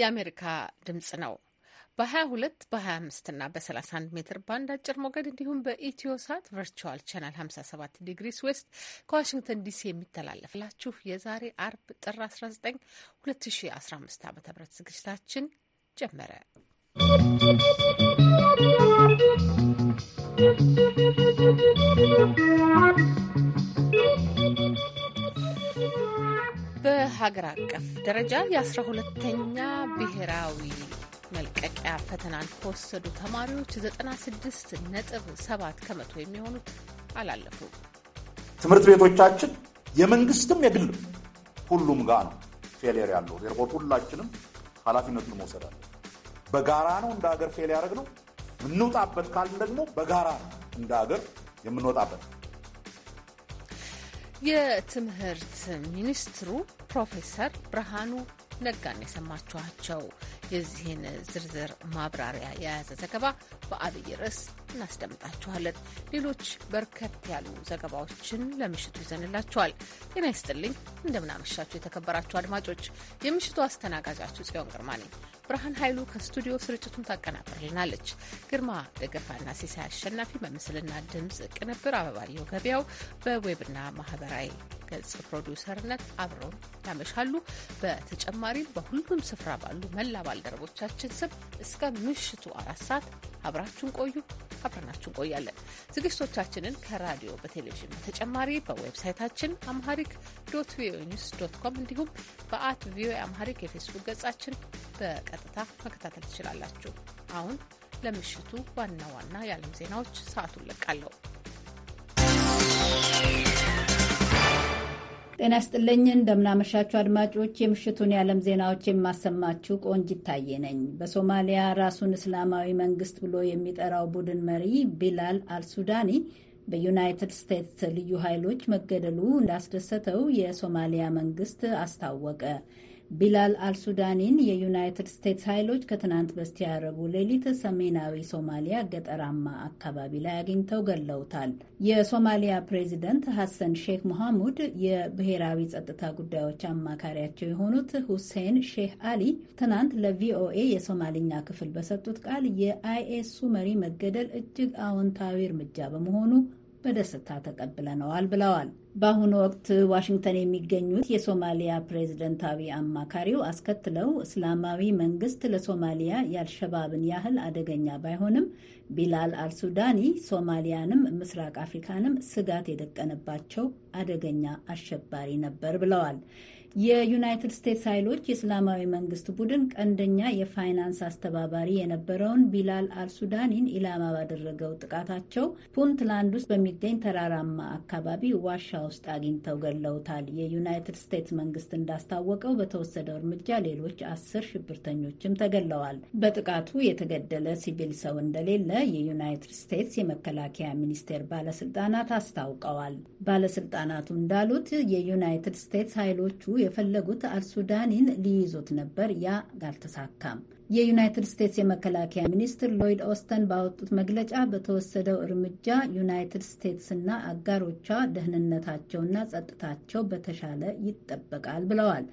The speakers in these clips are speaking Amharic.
የአሜሪካ ድምጽ ነው። በ22 በ25 እና በ31 ሜትር ባንድ አጭር ሞገድ እንዲሁም በኢትዮ ሳት ቨርቹዋል ቻናል 57 ዲግሪስ ዌስት ከዋሽንግተን ዲሲ የሚተላለፍላችሁ የዛሬ አርብ ጥር 19 2015 ዓ ም ዝግጅታችን ጀመረ። ¶¶ በሀገር አቀፍ ደረጃ የአስራ ሁለተኛ ብሔራዊ መልቀቂያ ፈተናን ከወሰዱ ተማሪዎች 96 ነጥብ 7 ከመቶ የሚሆኑት አላለፉ። ትምህርት ቤቶቻችን የመንግስትም የግልም ሁሉም ጋር ነው ፌሊየር ያለው። ኤርፖርት ሁላችንም ኃላፊነቱን መውሰድ አለ። በጋራ ነው እንደ ሀገር ፌል ያደረግ ነው። እንውጣበት ካልን ደግሞ በጋራ ነው እንደ ሀገር የምንወጣበት ነው። የትምህርት ሚኒስትሩ ፕሮፌሰር ብርሃኑ ነጋን የሰማችኋቸው። የዚህን ዝርዝር ማብራሪያ የያዘ ዘገባ በአብይ ርዕስ እናስደምጣችኋለን። ሌሎች በርከት ያሉ ዘገባዎችን ለምሽቱ ይዘንላችኋል። ጤና ይስጥልኝ፣ እንደምናመሻችሁ የተከበራችሁ አድማጮች፣ የምሽቱ አስተናጋጃችሁ ጽዮን ግርማ ነኝ። ብርሃን ኃይሉ ከስቱዲዮ ስርጭቱን ታቀናብርልናለች። ግርማ ደገፋና ሲሳይ አሸናፊ በምስልና ድምፅ ቅንብር፣ አበባየው ገበያው በዌብና ማህበራዊ ገጽ ፕሮዲውሰርነት አብረው ያመሻሉ። በተጨማሪም በሁሉም ስፍራ ባሉ መላ ባልደረቦቻችን ስም እስከ ምሽቱ አራት ሰዓት አብራችሁን ቆዩ። አብረናችሁ ቆያለን። ዝግጅቶቻችንን ከራዲዮ በቴሌቪዥን በተጨማሪ በዌብሳይታችን አምሃሪክ ዶት ቪኦኤ ኒውስ ዶት ኮም እንዲሁም በአት ቪኦኤ አምሃሪክ የፌስቡክ ገጻችን በቀጥታ መከታተል ትችላላችሁ። አሁን ለምሽቱ ዋና ዋና የዓለም ዜናዎች ሰዓቱን ለቃለሁ። ጤና ይስጥልኝ እንደምናመሻችሁ አድማጮች፣ የምሽቱን የዓለም ዜናዎች የማሰማችሁ ቆንጅ ይታየ ነኝ። በሶማሊያ ራሱን እስላማዊ መንግስት ብሎ የሚጠራው ቡድን መሪ ቢላል አልሱዳኒ በዩናይትድ ስቴትስ ልዩ ኃይሎች መገደሉ እንዳስደሰተው የሶማሊያ መንግስት አስታወቀ። ቢላል አልሱዳኒን የዩናይትድ ስቴትስ ኃይሎች ከትናንት በስቲያ ረቡዕ ሌሊት ሰሜናዊ ሶማሊያ ገጠራማ አካባቢ ላይ አግኝተው ገለውታል። የሶማሊያ ፕሬዚደንት ሐሰን ሼክ ሞሐሙድ የብሔራዊ ጸጥታ ጉዳዮች አማካሪያቸው የሆኑት ሁሴን ሼህ አሊ ትናንት ለቪኦኤ የሶማልኛ ክፍል በሰጡት ቃል የአይኤሱ መሪ መገደል እጅግ አዎንታዊ እርምጃ በመሆኑ በደስታ ተቀብለነዋል ብለዋል። በአሁኑ ወቅት ዋሽንግተን የሚገኙት የሶማሊያ ፕሬዝደንታዊ አማካሪው አስከትለው እስላማዊ መንግስት ለሶማሊያ የአልሸባብን ያህል አደገኛ ባይሆንም ቢላል አልሱዳኒ ሶማሊያንም ምስራቅ አፍሪካንም ስጋት የደቀነባቸው አደገኛ አሸባሪ ነበር ብለዋል። የዩናይትድ ስቴትስ ኃይሎች የእስላማዊ መንግስት ቡድን ቀንደኛ የፋይናንስ አስተባባሪ የነበረውን ቢላል አልሱዳኒን ኢላማ ባደረገው ጥቃታቸው ፑንትላንድ ውስጥ በሚገኝ ተራራማ አካባቢ ዋሻ ውስጥ አግኝተው ገድለውታል። የዩናይትድ ስቴትስ መንግስት እንዳስታወቀው በተወሰደው እርምጃ ሌሎች አስር ሽብርተኞችም ተገድለዋል። በጥቃቱ የተገደለ ሲቪል ሰው እንደሌለ የዩናይትድ ስቴትስ የመከላከያ ሚኒስቴር ባለስልጣናት አስታውቀዋል። ባለስልጣናቱ እንዳሉት የዩናይትድ ስቴትስ ኃይሎቹ የፈለጉት አልሱዳኒን ሊይዙት ነበር። ያ አልተሳካም። የዩናይትድ ስቴትስ የመከላከያ ሚኒስትር ሎይድ ኦስተን ባወጡት መግለጫ በተወሰደው እርምጃ ዩናይትድ ስቴትስና አጋሮቿ ደህንነታቸውና ጸጥታቸው በተሻለ ይጠበቃል ብለዋል።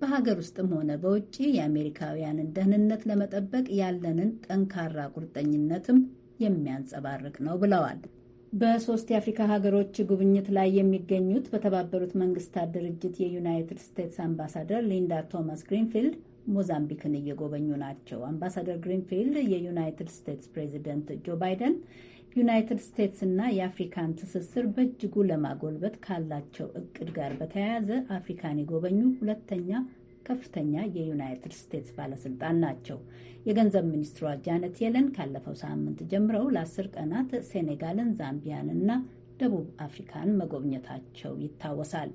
በሀገር ውስጥም ሆነ በውጭ የአሜሪካውያንን ደህንነት ለመጠበቅ ያለንን ጠንካራ ቁርጠኝነትም የሚያንጸባርቅ ነው ብለዋል። በሶስት የአፍሪካ ሀገሮች ጉብኝት ላይ የሚገኙት በተባበሩት መንግስታት ድርጅት የዩናይትድ ስቴትስ አምባሳደር ሊንዳ ቶማስ ግሪንፊልድ ሞዛምቢክን እየጎበኙ ናቸው። አምባሳደር ግሪንፊልድ የዩናይትድ ስቴትስ ፕሬዚደንት ጆ ባይደን ዩናይትድ ስቴትስ እና የአፍሪካን ትስስር በእጅጉ ለማጎልበት ካላቸው እቅድ ጋር በተያያዘ አፍሪካን የጎበኙ ሁለተኛ ከፍተኛ የዩናይትድ ስቴትስ ባለስልጣን ናቸው። የገንዘብ ሚኒስትሯ ጃነት የለን ካለፈው ሳምንት ጀምረው ለአስር ቀናት ሴኔጋልን፣ ዛምቢያን እና ደቡብ አፍሪካን መጎብኘታቸው ይታወሳል።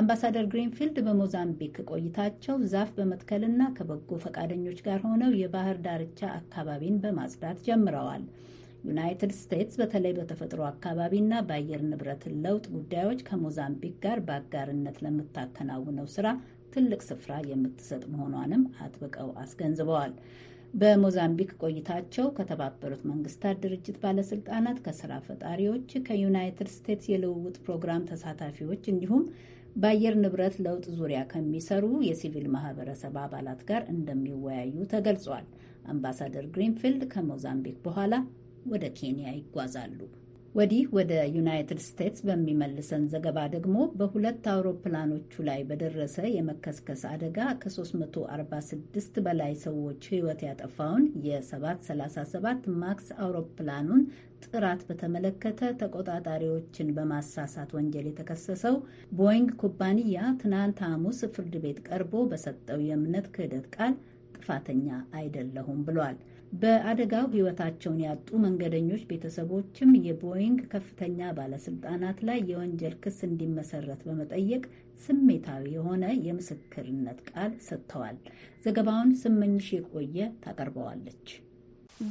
አምባሳደር ግሪንፊልድ በሞዛምቢክ ቆይታቸው ዛፍ በመትከልና ከበጎ ፈቃደኞች ጋር ሆነው የባህር ዳርቻ አካባቢን በማጽዳት ጀምረዋል። ዩናይትድ ስቴትስ በተለይ በተፈጥሮ አካባቢና በአየር ንብረት ለውጥ ጉዳዮች ከሞዛምቢክ ጋር በአጋርነት ለምታከናውነው ስራ ትልቅ ስፍራ የምትሰጥ መሆኗንም አጥብቀው አስገንዝበዋል። በሞዛምቢክ ቆይታቸው ከተባበሩት መንግስታት ድርጅት ባለስልጣናት፣ ከስራ ፈጣሪዎች፣ ከዩናይትድ ስቴትስ የልውውጥ ፕሮግራም ተሳታፊዎች እንዲሁም በአየር ንብረት ለውጥ ዙሪያ ከሚሰሩ የሲቪል ማህበረሰብ አባላት ጋር እንደሚወያዩ ተገልጿል። አምባሳደር ግሪንፊልድ ከሞዛምቢክ በኋላ ወደ ኬንያ ይጓዛሉ። ወዲህ ወደ ዩናይትድ ስቴትስ በሚመልሰን ዘገባ ደግሞ በሁለት አውሮፕላኖቹ ላይ በደረሰ የመከስከስ አደጋ ከ346 በላይ ሰዎች ሕይወት ያጠፋውን የ737 ማክስ አውሮፕላኑን ጥራት በተመለከተ ተቆጣጣሪዎችን በማሳሳት ወንጀል የተከሰሰው ቦይንግ ኩባንያ ትናንት ሐሙስ ፍርድ ቤት ቀርቦ በሰጠው የእምነት ክህደት ቃል ጥፋተኛ አይደለሁም ብሏል። በአደጋው ሕይወታቸውን ያጡ መንገደኞች ቤተሰቦችም የቦይንግ ከፍተኛ ባለስልጣናት ላይ የወንጀል ክስ እንዲመሰረት በመጠየቅ ስሜታዊ የሆነ የምስክርነት ቃል ሰጥተዋል። ዘገባውን ስመኝሽ የቆየ ታቀርበዋለች።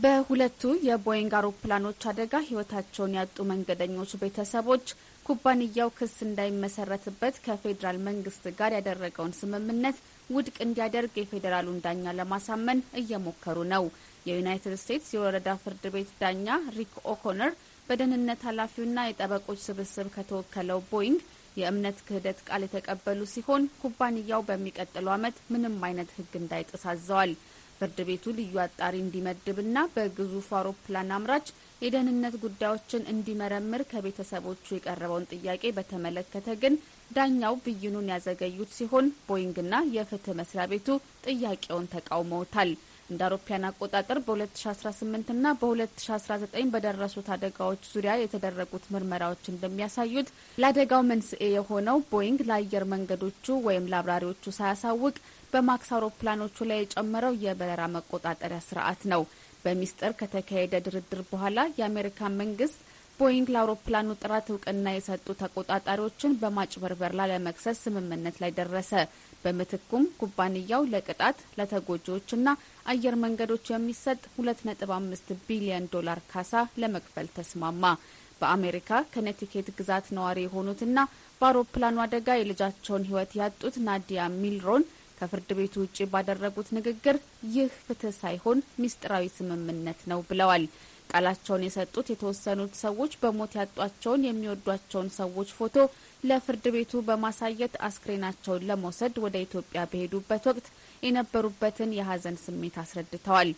በሁለቱ የቦይንግ አውሮፕላኖች አደጋ ሕይወታቸውን ያጡ መንገደኞች ቤተሰቦች ኩባንያው ክስ እንዳይመሰረትበት ከፌዴራል መንግስት ጋር ያደረገውን ስምምነት ውድቅ እንዲያደርግ የፌዴራሉን ዳኛ ለማሳመን እየሞከሩ ነው። የዩናይትድ ስቴትስ የወረዳ ፍርድ ቤት ዳኛ ሪክ ኦኮነር በደህንነት ኃላፊውና የጠበቆች ስብስብ ከተወከለው ቦይንግ የእምነት ክህደት ቃል የተቀበሉ ሲሆን ኩባንያው በሚቀጥለው ዓመት ምንም አይነት ሕግ እንዳይጥስ አዘዋል። ፍርድ ቤቱ ልዩ አጣሪ እንዲመድብና በግዙፍ አውሮፕላን አምራች የደህንነት ጉዳዮችን እንዲመረምር ከቤተሰቦቹ የቀረበውን ጥያቄ በተመለከተ ግን ዳኛው ብይኑን ያዘገዩት ሲሆን ቦይንግና የፍትህ መስሪያ ቤቱ ጥያቄውን ተቃውመውታል። እንደ አውሮፓያን አቆጣጠር በ2018 እና በ2019 በደረሱት አደጋዎች ዙሪያ የተደረጉት ምርመራዎች እንደሚያሳዩት ለአደጋው መንስኤ የሆነው ቦይንግ ለአየር መንገዶቹ ወይም ለአብራሪዎቹ ሳያሳውቅ በማክስ አውሮፕላኖቹ ላይ የጨመረው የበረራ መቆጣጠሪያ ስርዓት ነው። በሚስጥር ከተካሄደ ድርድር በኋላ የአሜሪካ መንግስት ቦይንግ ለአውሮፕላኑ ጥራት እውቅና የሰጡ ተቆጣጣሪዎችን በማጭበርበር ላለመክሰስ ስምምነት ላይ ደረሰ። በምትኩም ኩባንያው ለቅጣት ለተጎጂዎችና አየር መንገዶች የሚሰጥ 2.5 ቢሊዮን ዶላር ካሳ ለመክፈል ተስማማ። በአሜሪካ ከኔቲኬት ግዛት ነዋሪ የሆኑትና በአውሮፕላኑ አደጋ የልጃቸውን ሕይወት ያጡት ናዲያ ሚልሮን ከፍርድ ቤቱ ውጭ ባደረጉት ንግግር ይህ ፍትህ ሳይሆን ምስጢራዊ ስምምነት ነው ብለዋል። ቃላቸውን የሰጡት የተወሰኑት ሰዎች በሞት ያጧቸውን የሚወዷቸውን ሰዎች ፎቶ ለፍርድ ቤቱ በማሳየት አስክሬናቸውን ለመውሰድ ወደ ኢትዮጵያ በሄዱበት ወቅት የነበሩበትን የሀዘን ስሜት አስረድተዋል።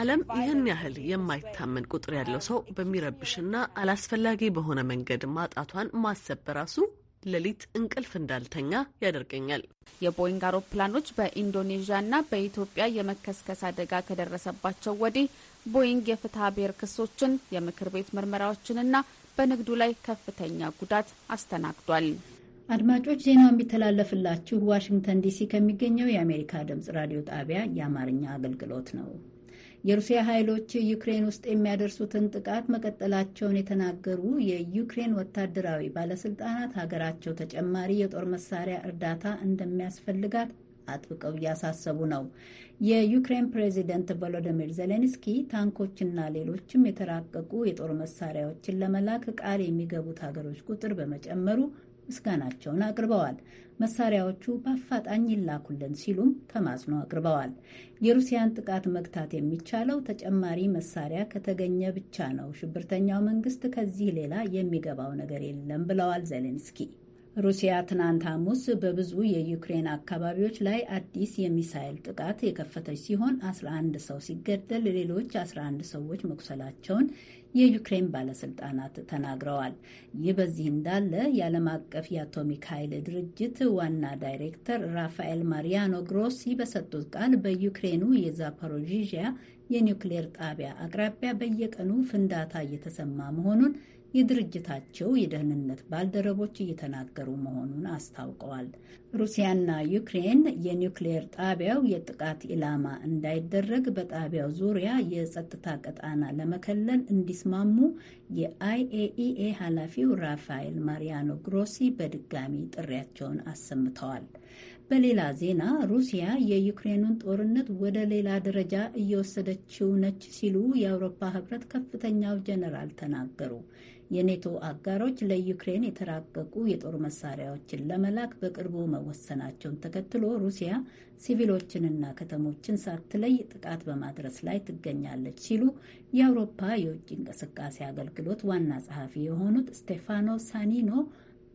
ዓለም ይህን ያህል የማይታመን ቁጥር ያለው ሰው በሚረብሽና አላስፈላጊ በሆነ መንገድ ማጣቷን ማሰብ በራሱ ሌሊት እንቅልፍ እንዳልተኛ ያደርገኛል። የቦይንግ አውሮፕላኖች በኢንዶኔዥያና በኢትዮጵያ የመከስከስ አደጋ ከደረሰባቸው ወዲህ ቦይንግ የፍትሐ ብሔር ክሶችን የምክር ቤት ምርመራዎችንና በንግዱ ላይ ከፍተኛ ጉዳት አስተናግዷል። አድማጮች ዜናው የሚተላለፍላችሁ ዋሽንግተን ዲሲ ከሚገኘው የአሜሪካ ድምፅ ራዲዮ ጣቢያ የአማርኛ አገልግሎት ነው። የሩሲያ ኃይሎች ዩክሬን ውስጥ የሚያደርሱትን ጥቃት መቀጠላቸውን የተናገሩ የዩክሬን ወታደራዊ ባለስልጣናት ሀገራቸው ተጨማሪ የጦር መሳሪያ እርዳታ እንደሚያስፈልጋት አጥብቀው እያሳሰቡ ነው። የዩክሬን ፕሬዚደንት ቮሎዲሚር ዜሌንስኪ ታንኮችና ሌሎችም የተራቀቁ የጦር መሳሪያዎችን ለመላክ ቃል የሚገቡት ሀገሮች ቁጥር በመጨመሩ ምስጋናቸውን አቅርበዋል። መሳሪያዎቹ በአፋጣኝ ይላኩልን ሲሉም ተማጽኖ አቅርበዋል። የሩሲያን ጥቃት መግታት የሚቻለው ተጨማሪ መሳሪያ ከተገኘ ብቻ ነው። ሽብርተኛው መንግስት ከዚህ ሌላ የሚገባው ነገር የለም ብለዋል ዜሌንስኪ። ሩሲያ ትናንት ሐሙስ በብዙ የዩክሬን አካባቢዎች ላይ አዲስ የሚሳይል ጥቃት የከፈተች ሲሆን 11 ሰው ሲገደል ሌሎች 11 ሰዎች መቁሰላቸውን የዩክሬን ባለስልጣናት ተናግረዋል። ይህ በዚህ እንዳለ የዓለም አቀፍ የአቶሚክ ኃይል ድርጅት ዋና ዳይሬክተር ራፋኤል ማሪያኖ ግሮሲ በሰጡት ቃል በዩክሬኑ የዛፖሮዥያ የኒውክሌር ጣቢያ አቅራቢያ በየቀኑ ፍንዳታ እየተሰማ መሆኑን የድርጅታቸው የደህንነት ባልደረቦች እየተናገሩ መሆኑን አስታውቀዋል። ሩሲያና ዩክሬን የኒውክሌር ጣቢያው የጥቃት ኢላማ እንዳይደረግ በጣቢያው ዙሪያ የጸጥታ ቀጣና ለመከለል እንዲስማሙ የአይኤኢኤ ኃላፊው ራፋኤል ማሪያኖ ግሮሲ በድጋሚ ጥሪያቸውን አሰምተዋል። በሌላ ዜና ሩሲያ የዩክሬኑን ጦርነት ወደ ሌላ ደረጃ እየወሰደችው ነች ሲሉ የአውሮፓ ህብረት ከፍተኛው ጀነራል ተናገሩ። የኔቶ አጋሮች ለዩክሬን የተራቀቁ የጦር መሳሪያዎችን ለመላክ በቅርቡ መወሰናቸውን ተከትሎ ሩሲያ ሲቪሎችንና ከተሞችን ሳትለይ ጥቃት በማድረስ ላይ ትገኛለች ሲሉ የአውሮፓ የውጭ እንቅስቃሴ አገልግሎት ዋና ጸሐፊ የሆኑት ስቴፋኖ ሳኒኖ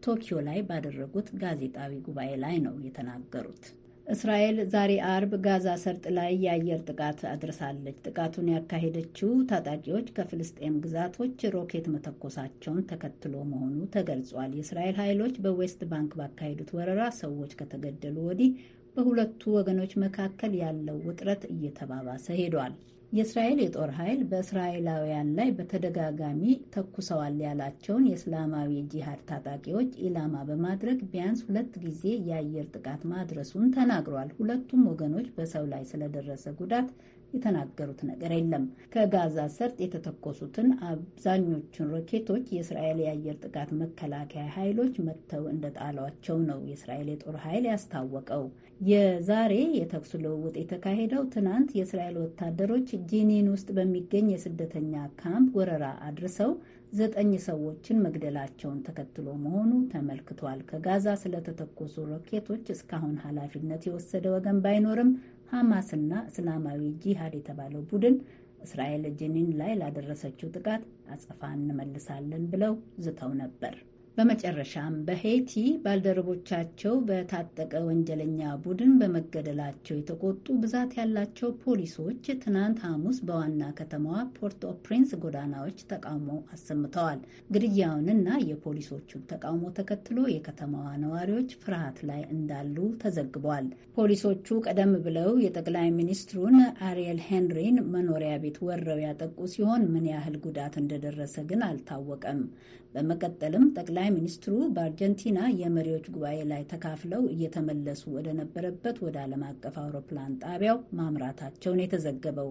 ቶኪዮ ላይ ባደረጉት ጋዜጣዊ ጉባኤ ላይ ነው የተናገሩት። እስራኤል ዛሬ አርብ ጋዛ ሰርጥ ላይ የአየር ጥቃት አድርሳለች። ጥቃቱን ያካሄደችው ታጣቂዎች ከፍልስጤም ግዛቶች ሮኬት መተኮሳቸውን ተከትሎ መሆኑ ተገልጿል። የእስራኤል ኃይሎች በዌስት ባንክ ባካሄዱት ወረራ ሰዎች ከተገደሉ ወዲህ በሁለቱ ወገኖች መካከል ያለው ውጥረት እየተባባሰ ሄዷል። የእስራኤል የጦር ኃይል በእስራኤላውያን ላይ በተደጋጋሚ ተኩሰዋል ያላቸውን የእስላማዊ ጂሃድ ታጣቂዎች ኢላማ በማድረግ ቢያንስ ሁለት ጊዜ የአየር ጥቃት ማድረሱን ተናግሯል። ሁለቱም ወገኖች በሰው ላይ ስለደረሰ ጉዳት የተናገሩት ነገር የለም። ከጋዛ ሰርጥ የተተኮሱትን አብዛኞቹን ሮኬቶች የእስራኤል የአየር ጥቃት መከላከያ ኃይሎች መጥተው እንደጣሏቸው ነው የእስራኤል የጦር ኃይል ያስታወቀው። የዛሬ የተኩስ ልውውጥ የተካሄደው ትናንት የእስራኤል ወታደሮች ጂኒን ውስጥ በሚገኝ የስደተኛ ካምፕ ወረራ አድርሰው ዘጠኝ ሰዎችን መግደላቸውን ተከትሎ መሆኑ ተመልክቷል። ከጋዛ ስለተተኮሱ ሮኬቶች እስካሁን ኃላፊነት የወሰደ ወገን ባይኖርም ሐማስና እስላማዊ ጂሃድ የተባለው ቡድን እስራኤል ጂኒን ላይ ላደረሰችው ጥቃት አጸፋ እንመልሳለን ብለው ዝተው ነበር። በመጨረሻም በሄይቲ ባልደረቦቻቸው በታጠቀ ወንጀለኛ ቡድን በመገደላቸው የተቆጡ ብዛት ያላቸው ፖሊሶች ትናንት ሐሙስ በዋና ከተማዋ ፖርት ፕሪንስ ጎዳናዎች ተቃውሞ አሰምተዋል። ግድያውንና የፖሊሶቹን ተቃውሞ ተከትሎ የከተማዋ ነዋሪዎች ፍርሃት ላይ እንዳሉ ተዘግቧል። ፖሊሶቹ ቀደም ብለው የጠቅላይ ሚኒስትሩን አሪየል ሄንሪን መኖሪያ ቤት ወረው ያጠቁ ሲሆን ምን ያህል ጉዳት እንደደረሰ ግን አልታወቀም። በመቀጠልም ጠቅላይ ሚኒስትሩ በአርጀንቲና የመሪዎች ጉባኤ ላይ ተካፍለው እየተመለሱ ወደ ነበረበት ወደ ዓለም አቀፍ አውሮፕላን ጣቢያው ማምራታቸውን የተዘገበው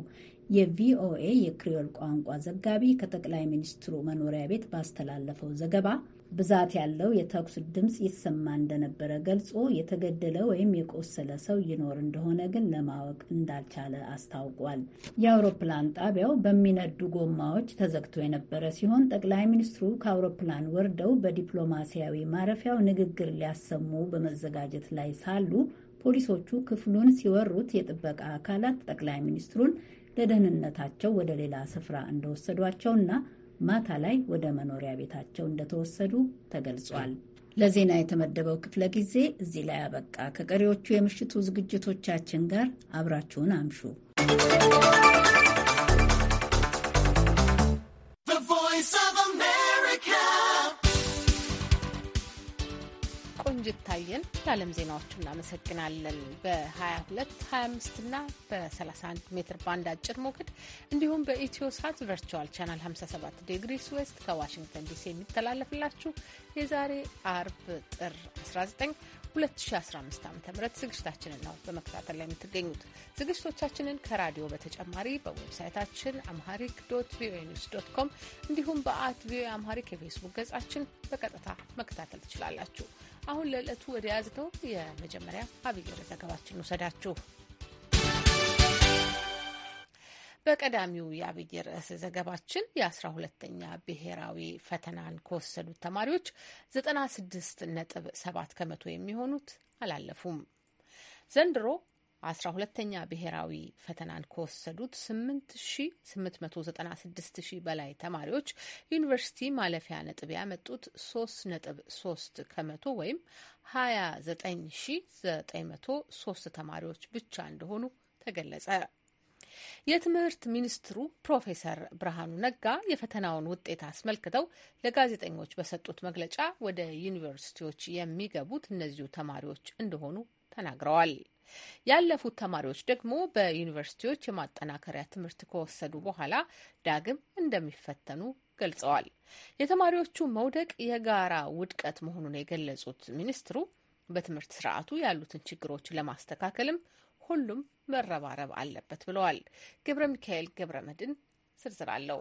የቪኦኤ የክሪዮል ቋንቋ ዘጋቢ ከጠቅላይ ሚኒስትሩ መኖሪያ ቤት ባስተላለፈው ዘገባ ብዛት ያለው የተኩስ ድምፅ ይሰማ እንደነበረ ገልጾ የተገደለ ወይም የቆሰለ ሰው ይኖር እንደሆነ ግን ለማወቅ እንዳልቻለ አስታውቋል። የአውሮፕላን ጣቢያው በሚነዱ ጎማዎች ተዘግቶ የነበረ ሲሆን ጠቅላይ ሚኒስትሩ ከአውሮፕላን ወርደው በዲፕሎማሲያዊ ማረፊያው ንግግር ሊያሰሙ በመዘጋጀት ላይ ሳሉ ፖሊሶቹ ክፍሉን ሲወሩት የጥበቃ አካላት ጠቅላይ ሚኒስትሩን ለደህንነታቸው ወደ ሌላ ስፍራ እንደወሰዷቸውና ማታ ላይ ወደ መኖሪያ ቤታቸው እንደተወሰዱ ተገልጿል። ለዜና የተመደበው ክፍለ ጊዜ እዚህ ላይ አበቃ። ከቀሪዎቹ የምሽቱ ዝግጅቶቻችን ጋር አብራችሁን አምሹ። ቆንጅት ታየን ለዓለም ዜናዎቹ እናመሰግናለን። በ22፣ 25 ና በ31 ሜትር ባንድ አጭር ሞገድ እንዲሁም በኢትዮ ሳት ቨርቹዋል ቻናል 57 ዲግሪስ ዌስት ከዋሽንግተን ዲሲ የሚተላለፍላችሁ የዛሬ አርብ ጥር 19 2015 ዓ ም ዝግጅታችንን ነው በመከታተል ላይ የምትገኙት። ዝግጅቶቻችንን ከራዲዮ በተጨማሪ በዌብሳይታችን አምሃሪክ ዶት ቪኦኤ ኒውስ ዶት ኮም እንዲሁም በአት ቪኦኤ አምሃሪክ የፌስቡክ ገጻችን በቀጥታ መከታተል ትችላላችሁ። አሁን ለዕለቱ ወደ ያዝነው የመጀመሪያ አብይ ዘገባችን ውሰዳችሁ። በቀዳሚው የአብይ ርዕስ ዘገባችን የአስራ ሁለተኛ ብሔራዊ ፈተናን ከወሰዱት ተማሪዎች ዘጠና ስድስት ነጥብ ሰባት ከመቶ የሚሆኑት አላለፉም። ዘንድሮ አስራ ሁለተኛ ብሔራዊ ፈተናን ከወሰዱት 8896 ሺ በላይ ተማሪዎች ዩኒቨርሲቲ ማለፊያ ነጥብ ያመጡት 3.3 ከመቶ ወይም 29903 ተማሪዎች ብቻ እንደሆኑ ተገለጸ። የትምህርት ሚኒስትሩ ፕሮፌሰር ብርሃኑ ነጋ የፈተናውን ውጤት አስመልክተው ለጋዜጠኞች በሰጡት መግለጫ ወደ ዩኒቨርሲቲዎች የሚገቡት እነዚሁ ተማሪዎች እንደሆኑ ተናግረዋል። ያለፉት ተማሪዎች ደግሞ በዩኒቨርሲቲዎች የማጠናከሪያ ትምህርት ከወሰዱ በኋላ ዳግም እንደሚፈተኑ ገልጸዋል። የተማሪዎቹ መውደቅ የጋራ ውድቀት መሆኑን የገለጹት ሚኒስትሩ በትምህርት ስርዓቱ ያሉትን ችግሮች ለማስተካከልም ሁሉም መረባረብ አለበት ብለዋል። ገብረ ሚካኤል ገብረ መድን ዝርዝር አለው።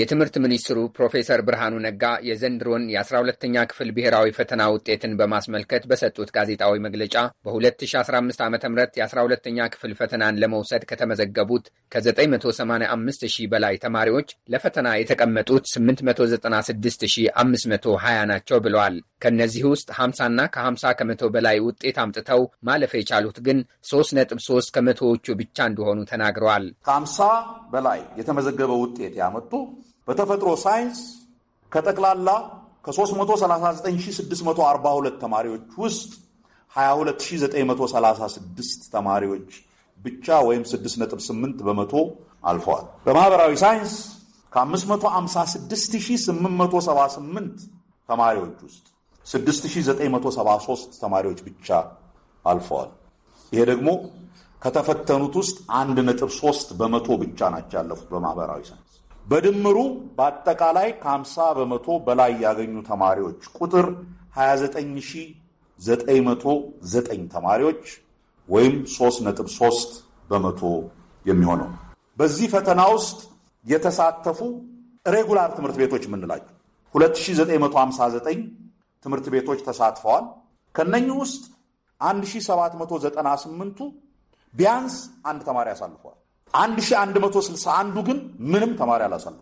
የትምህርት ሚኒስትሩ ፕሮፌሰር ብርሃኑ ነጋ የዘንድሮን የ12ተኛ ክፍል ብሔራዊ ፈተና ውጤትን በማስመልከት በሰጡት ጋዜጣዊ መግለጫ በ2015 ዓ ም የ12ተኛ ክፍል ፈተናን ለመውሰድ ከተመዘገቡት ከ985 ሺህ በላይ ተማሪዎች ለፈተና የተቀመጡት 896,520 ናቸው ብለዋል። ከእነዚህ ውስጥ 50ና ከ50 ከመቶ በላይ ውጤት አምጥተው ማለፍ የቻሉት ግን 3.3 ከመቶዎቹ ብቻ እንደሆኑ ተናግረዋል። ከ50 በላይ የተመዘገበ ውጤት ያመጡ በተፈጥሮ ሳይንስ ከጠቅላላ ከ339642 ተማሪዎች ውስጥ 22936 ተማሪዎች ብቻ ወይም 6.8 በመቶ አልፈዋል። በማህበራዊ ሳይንስ ከ556878 ተማሪዎች ውስጥ 6973 ተማሪዎች ብቻ አልፈዋል። ይሄ ደግሞ ከተፈተኑት ውስጥ አንድ ነጥብ ሶስት በመቶ ብቻ ናቸው ያለፉት በማህበራዊ ሳይንስ። በድምሩ በአጠቃላይ ከ50 በመቶ በላይ ያገኙ ተማሪዎች ቁጥር 29909 ተማሪዎች ወይም 3.3 በመቶ የሚሆነው በዚህ ፈተና ውስጥ የተሳተፉ ሬጉላር ትምህርት ቤቶች የምንላቸው 2959 ትምህርት ቤቶች ተሳትፈዋል። ከነኚህ ውስጥ 1798ቱ ቢያንስ አንድ ተማሪ አሳልፈዋል። 1161ዱ ግን ምንም ተማሪ አላሳልፉ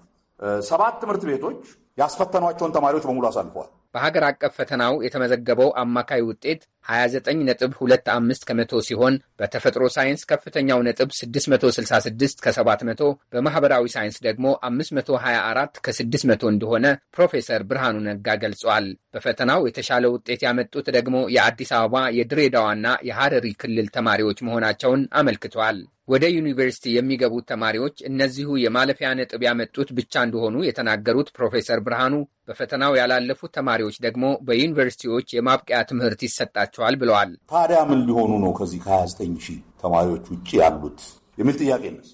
ሰባት ትምህርት ቤቶች ያስፈተኗቸውን ተማሪዎች በሙሉ አሳልፈዋል። በሀገር አቀፍ ፈተናው የተመዘገበው አማካይ ውጤት 29.25 ከመቶ ሲሆን በተፈጥሮ ሳይንስ ከፍተኛው ነጥብ 666 ከ700፣ በማህበራዊ ሳይንስ ደግሞ 524 ከ600 እንደሆነ ፕሮፌሰር ብርሃኑ ነጋ ገልጿል። በፈተናው የተሻለ ውጤት ያመጡት ደግሞ የአዲስ አበባ የድሬዳዋና የሐረሪ ክልል ተማሪዎች መሆናቸውን አመልክቷል። ወደ ዩኒቨርሲቲ የሚገቡት ተማሪዎች እነዚሁ የማለፊያ ነጥብ ያመጡት ብቻ እንደሆኑ የተናገሩት ፕሮፌሰር ብርሃኑ በፈተናው ያላለፉት ተማሪዎች ደግሞ በዩኒቨርሲቲዎች የማብቂያ ትምህርት ይሰጣቸዋል ብለዋል። ታዲያ ምን ሊሆኑ ነው ከዚህ ከ29 ሺህ ተማሪዎች ውጭ ያሉት የሚል ጥያቄ ነ ከ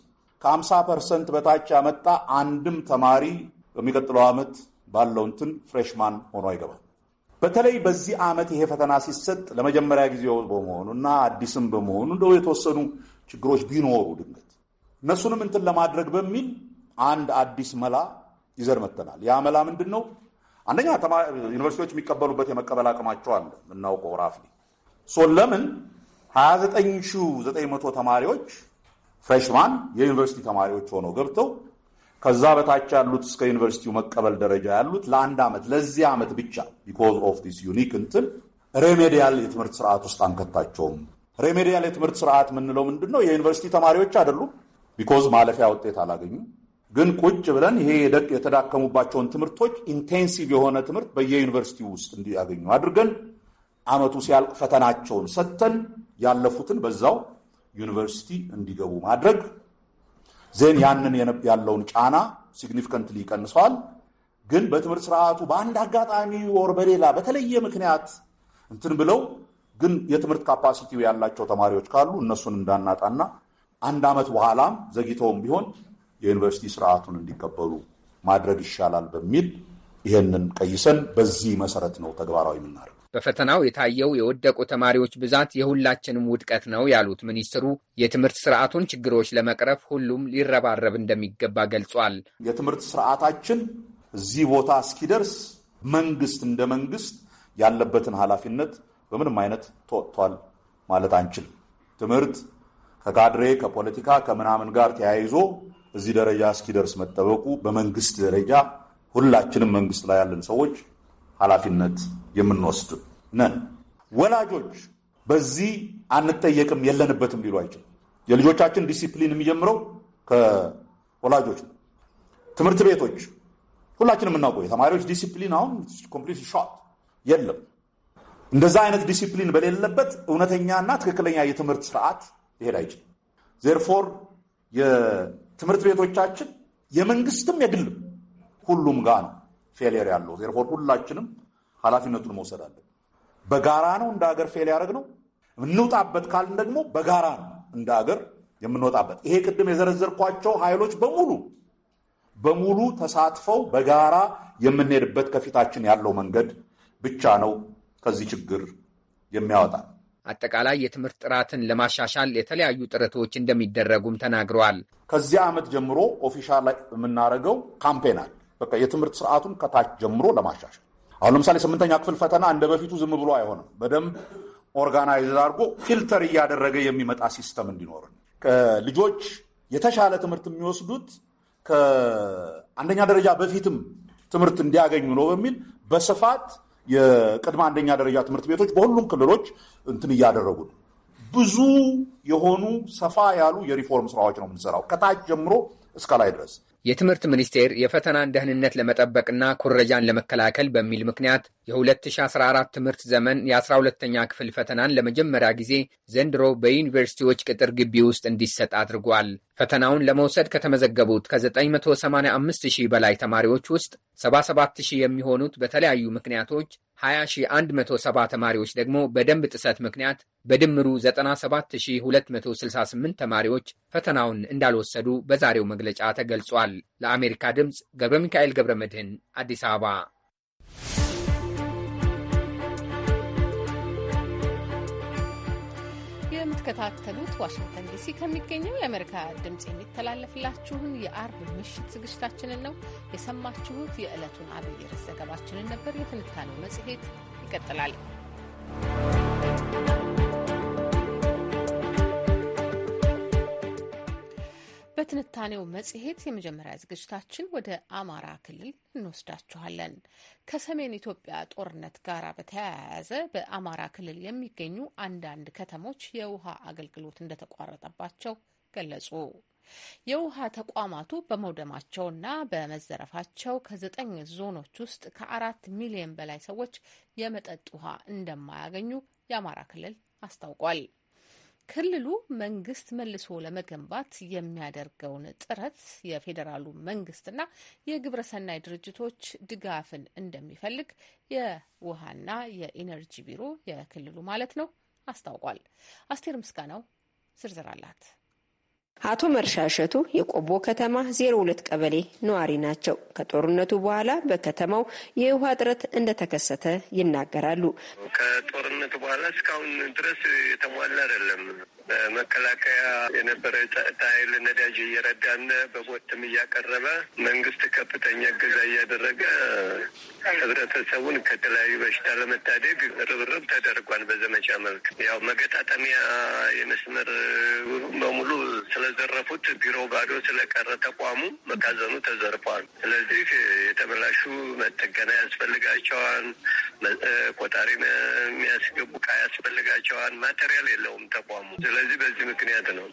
ከ50 ፐርሰንት በታች ያመጣ አንድም ተማሪ በሚቀጥለው ዓመት ባለው እንትን ፍሬሽማን ሆኖ አይገባል። በተለይ በዚህ ዓመት ይሄ ፈተና ሲሰጥ ለመጀመሪያ ጊዜው በመሆኑ እና አዲስም በመሆኑ እንደው የተወሰኑ ችግሮች ቢኖሩ ድንገት እነሱንም እንትን ለማድረግ በሚል አንድ አዲስ መላ ይዘር መተናል። ያ መላ ምንድን ነው? አንደኛ ዩኒቨርሲቲዎች የሚቀበሉበት የመቀበል አቅማቸው አለ የምናውቀው ራፍ ሶ ለምን 29900 ተማሪዎች ፍሬሽማን የዩኒቨርሲቲ ተማሪዎች ሆነው ገብተው ከዛ በታች ያሉት እስከ ዩኒቨርሲቲው መቀበል ደረጃ ያሉት ለአንድ ዓመት ለዚህ ዓመት ብቻ ቢኮዝ ኦፍ ዲስ ዩኒክ እንትን ሬሜዲያል የትምህርት ስርዓት ውስጥ አንከታቸውም ሬሜዲያል የትምህርት ስርዓት የምንለው ምንድን ነው? የዩኒቨርሲቲ ተማሪዎች አይደሉም። ቢኮዝ ማለፊያ ውጤት አላገኙም። ግን ቁጭ ብለን ይሄ የተዳከሙባቸውን ትምህርቶች ኢንቴንሲቭ የሆነ ትምህርት በየዩኒቨርሲቲ ውስጥ እንዲያገኙ አድርገን አመቱ ሲያልቅ ፈተናቸውን ሰጥተን ያለፉትን በዛው ዩኒቨርሲቲ እንዲገቡ ማድረግ ዜን ያንን ያለውን ጫና ሲግኒፊካንትሊ ይቀንሰዋል። ግን በትምህርት ስርዓቱ በአንድ አጋጣሚ ወር በሌላ በተለየ ምክንያት እንትን ብለው ግን የትምህርት ካፓሲቲው ያላቸው ተማሪዎች ካሉ እነሱን እንዳናጣና አንድ ዓመት በኋላም ዘግይተውም ቢሆን የዩኒቨርሲቲ ስርዓቱን እንዲቀበሉ ማድረግ ይሻላል በሚል ይህንን ቀይሰን በዚህ መሰረት ነው ተግባራዊ የምናደርግ። በፈተናው የታየው የወደቁ ተማሪዎች ብዛት የሁላችንም ውድቀት ነው ያሉት ሚኒስትሩ የትምህርት ስርዓቱን ችግሮች ለመቅረፍ ሁሉም ሊረባረብ እንደሚገባ ገልጿል። የትምህርት ስርዓታችን እዚህ ቦታ እስኪደርስ መንግስት እንደ መንግስት ያለበትን ኃላፊነት በምንም አይነት ተወጥቷል ማለት አንችልም። ትምህርት ከካድሬ ከፖለቲካ ከምናምን ጋር ተያይዞ እዚህ ደረጃ እስኪደርስ መጠበቁ በመንግስት ደረጃ ሁላችንም መንግስት ላይ ያለን ሰዎች ኃላፊነት የምንወስድ ነን። ወላጆች በዚህ አንጠየቅም የለንበትም ሊሉ አይችልም። የልጆቻችን ዲሲፕሊን የሚጀምረው ከወላጆች ነው። ትምህርት ቤቶች ሁላችንም የምናውቀው የተማሪዎች ዲሲፕሊን አሁን ኮምፕሊት ሾት የለም። እንደዛ አይነት ዲሲፕሊን በሌለበት እውነተኛና ትክክለኛ የትምህርት ስርዓት ሊሄድ አይችልም። ዜርፎር የትምህርት ቤቶቻችን የመንግስትም የግልም ሁሉም ጋር ነው ፌሊየር ያለው። ዜርፎር ሁላችንም ኃላፊነቱን መውሰድ አለን። በጋራ ነው እንደ ሀገር ፌል ያደረግ ነው እንውጣበት ካልን ደግሞ በጋራ ነው እንደ ሀገር የምንወጣበት። ይሄ ቅድም የዘረዘርኳቸው ኃይሎች በሙሉ በሙሉ ተሳትፈው በጋራ የምንሄድበት ከፊታችን ያለው መንገድ ብቻ ነው ከዚህ ችግር የሚያወጣ ነው። አጠቃላይ የትምህርት ጥራትን ለማሻሻል የተለያዩ ጥረቶች እንደሚደረጉም ተናግረዋል። ከዚህ ዓመት ጀምሮ ኦፊሻል የምናደርገው ካምፔን አለ። በቃ የትምህርት ስርዓቱን ከታች ጀምሮ ለማሻሻል አሁን ለምሳሌ ስምንተኛ ክፍል ፈተና እንደ በፊቱ ዝም ብሎ አይሆንም። በደንብ ኦርጋናይዝ አድርጎ ፊልተር እያደረገ የሚመጣ ሲስተም እንዲኖርን ልጆች የተሻለ ትምህርት የሚወስዱት ከአንደኛ ደረጃ በፊትም ትምህርት እንዲያገኙ ነው በሚል በስፋት የቅድመ አንደኛ ደረጃ ትምህርት ቤቶች በሁሉም ክልሎች እንትን እያደረጉ ነው። ብዙ የሆኑ ሰፋ ያሉ የሪፎርም ስራዎች ነው የምንሰራው ከታች ጀምሮ እስከ ላይ ድረስ የትምህርት ሚኒስቴር የፈተናን ደህንነት ለመጠበቅና ኩረጃን ለመከላከል በሚል ምክንያት የ2014 ትምህርት ዘመን የ12ተኛ ክፍል ፈተናን ለመጀመሪያ ጊዜ ዘንድሮ በዩኒቨርሲቲዎች ቅጥር ግቢ ውስጥ እንዲሰጥ አድርጓል። ፈተናውን ለመውሰድ ከተመዘገቡት ከ985 ሺህ በላይ ተማሪዎች ውስጥ 77 ሺህ የሚሆኑት በተለያዩ ምክንያቶች 20170 ተማሪዎች ደግሞ በደንብ ጥሰት ምክንያት በድምሩ 97268 ተማሪዎች ፈተናውን እንዳልወሰዱ በዛሬው መግለጫ ተገልጿል። ለአሜሪካ ድምፅ ገብረ ሚካኤል ገብረ መድህን አዲስ አበባ የምትከታተሉት ዋሽንግተን ዲሲ ከሚገኘው የአሜሪካ ድምፅ የሚተላለፍላችሁን የአርብ ምሽት ዝግጅታችንን ነው የሰማችሁት። የዕለቱን አብይ ርዕስ ዘገባችንን ነበር። የትንታኔው መጽሔት ይቀጥላል። በትንታኔው መጽሔት የመጀመሪያ ዝግጅታችን ወደ አማራ ክልል እንወስዳችኋለን። ከሰሜን ኢትዮጵያ ጦርነት ጋር በተያያዘ በአማራ ክልል የሚገኙ አንዳንድ ከተሞች የውሃ አገልግሎት እንደተቋረጠባቸው ገለጹ። የውሃ ተቋማቱ በመውደማቸውና በመዘረፋቸው ከዘጠኝ ዞኖች ውስጥ ከአራት ሚሊዮን በላይ ሰዎች የመጠጥ ውሃ እንደማያገኙ የአማራ ክልል አስታውቋል። ክልሉ መንግስት መልሶ ለመገንባት የሚያደርገውን ጥረት የፌዴራሉ መንግስትና የግብረሰናይ ድርጅቶች ድጋፍን እንደሚፈልግ የውሃና የኢነርጂ ቢሮ የክልሉ ማለት ነው አስታውቋል። አስቴር ምስጋናው ዝርዝር አላት። አቶ መርሻሸቱ የቆቦ ከተማ ዜሮ ሁለት ቀበሌ ነዋሪ ናቸው። ከጦርነቱ በኋላ በከተማው የውሃ እጥረት እንደተከሰተ ይናገራሉ። ከጦርነቱ በኋላ እስካሁን ድረስ የተሟላ አይደለም። በመከላከያ የነበረ ጸጥታ ኃይል ነዳጅ እየረዳን በቦትም እያቀረበ መንግስት ከፍተኛ እገዛ እያደረገ ህብረተሰቡን ከተለያዩ በሽታ ለመታደግ ርብርብ ተደርጓል። በዘመቻ መልክ ያው መገጣጠሚያ የመስመር በሙሉ ስለዘረፉት ቢሮ ባዶ ስለቀረ ተቋሙ መጋዘኑ ተዘርፏል። ስለዚህ የተበላሹ መጠገና ያስፈልጋቸዋል። ቆጣሪ የሚያስገቡ ቃ ያስፈልጋቸዋል። ማቴሪያል የለውም ተቋሙ። ስለዚህ በዚህ ምክንያት ነው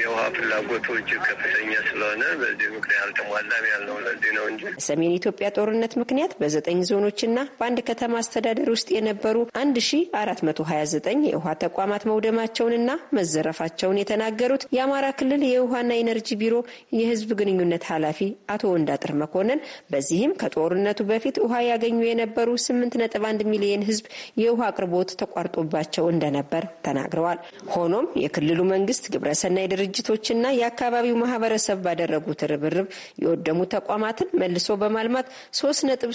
የውሃ ፍላጎቶች ከፍተኛ ስለሆነ በዚህ ምክንያት አልተሟላም ያልነው ለዚህ ነው እንጂ ሰሜን ኢትዮጵያ ጦርነት ምክንያት በዘጠኝ ዞኖችና በአንድ ከተማ አስተዳደር ውስጥ የነበሩ አንድ ሺ አራት መቶ ሀያ ዘጠኝ የውሃ ተቋማት መውደማቸውንና መዘረፋቸውን የተናገሩት የአማራ ክልል የውሃና ኢነርጂ ቢሮ የህዝብ ግንኙነት ኃላፊ አቶ ወንዳጥር መኮንን በዚህም ከጦርነቱ በፊት ውሃ ያገኙ የነበሩ ስምንት ነጥብ አንድ ሚሊየን ህዝብ የውሃ አቅርቦት ተቋርጦባቸው እንደነበር ተናግረዋል። ሆኖም የክልሉ መንግስት፣ ግብረሰናይ ድርጅቶችና የአካባቢው ማህበረሰብ ባደረጉት ርብርብ የወደሙ ተቋማትን መልሶ በማልማት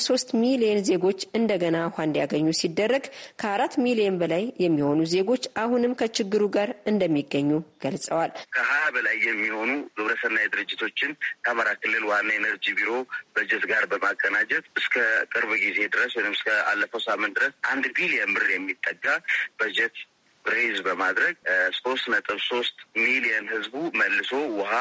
ሶስት ሚሊዮን ዜጎች እንደገና ውሃ እንዲያገኙ ሲደረግ ከአራት ሚሊዮን በላይ የሚሆኑ ዜጎች አሁንም ከችግሩ ጋር እንደሚገኙ ገልጸዋል። ከሀያ በላይ የሚሆኑ ግብረሰናይ ድርጅቶችን ከአማራ ክልል ዋና ኤነርጂ ቢሮ በጀት ጋር በማቀናጀት እስከ ቅርብ ጊዜ ድረስ ወይም እስከ አለፈው ሳምንት ድረስ አንድ ቢሊየን ብር የሚጠጋ በጀት ሬዝ በማድረግ ሶስት ነጥብ ሶስት ሚሊየን ህዝቡ መልሶ ውሃ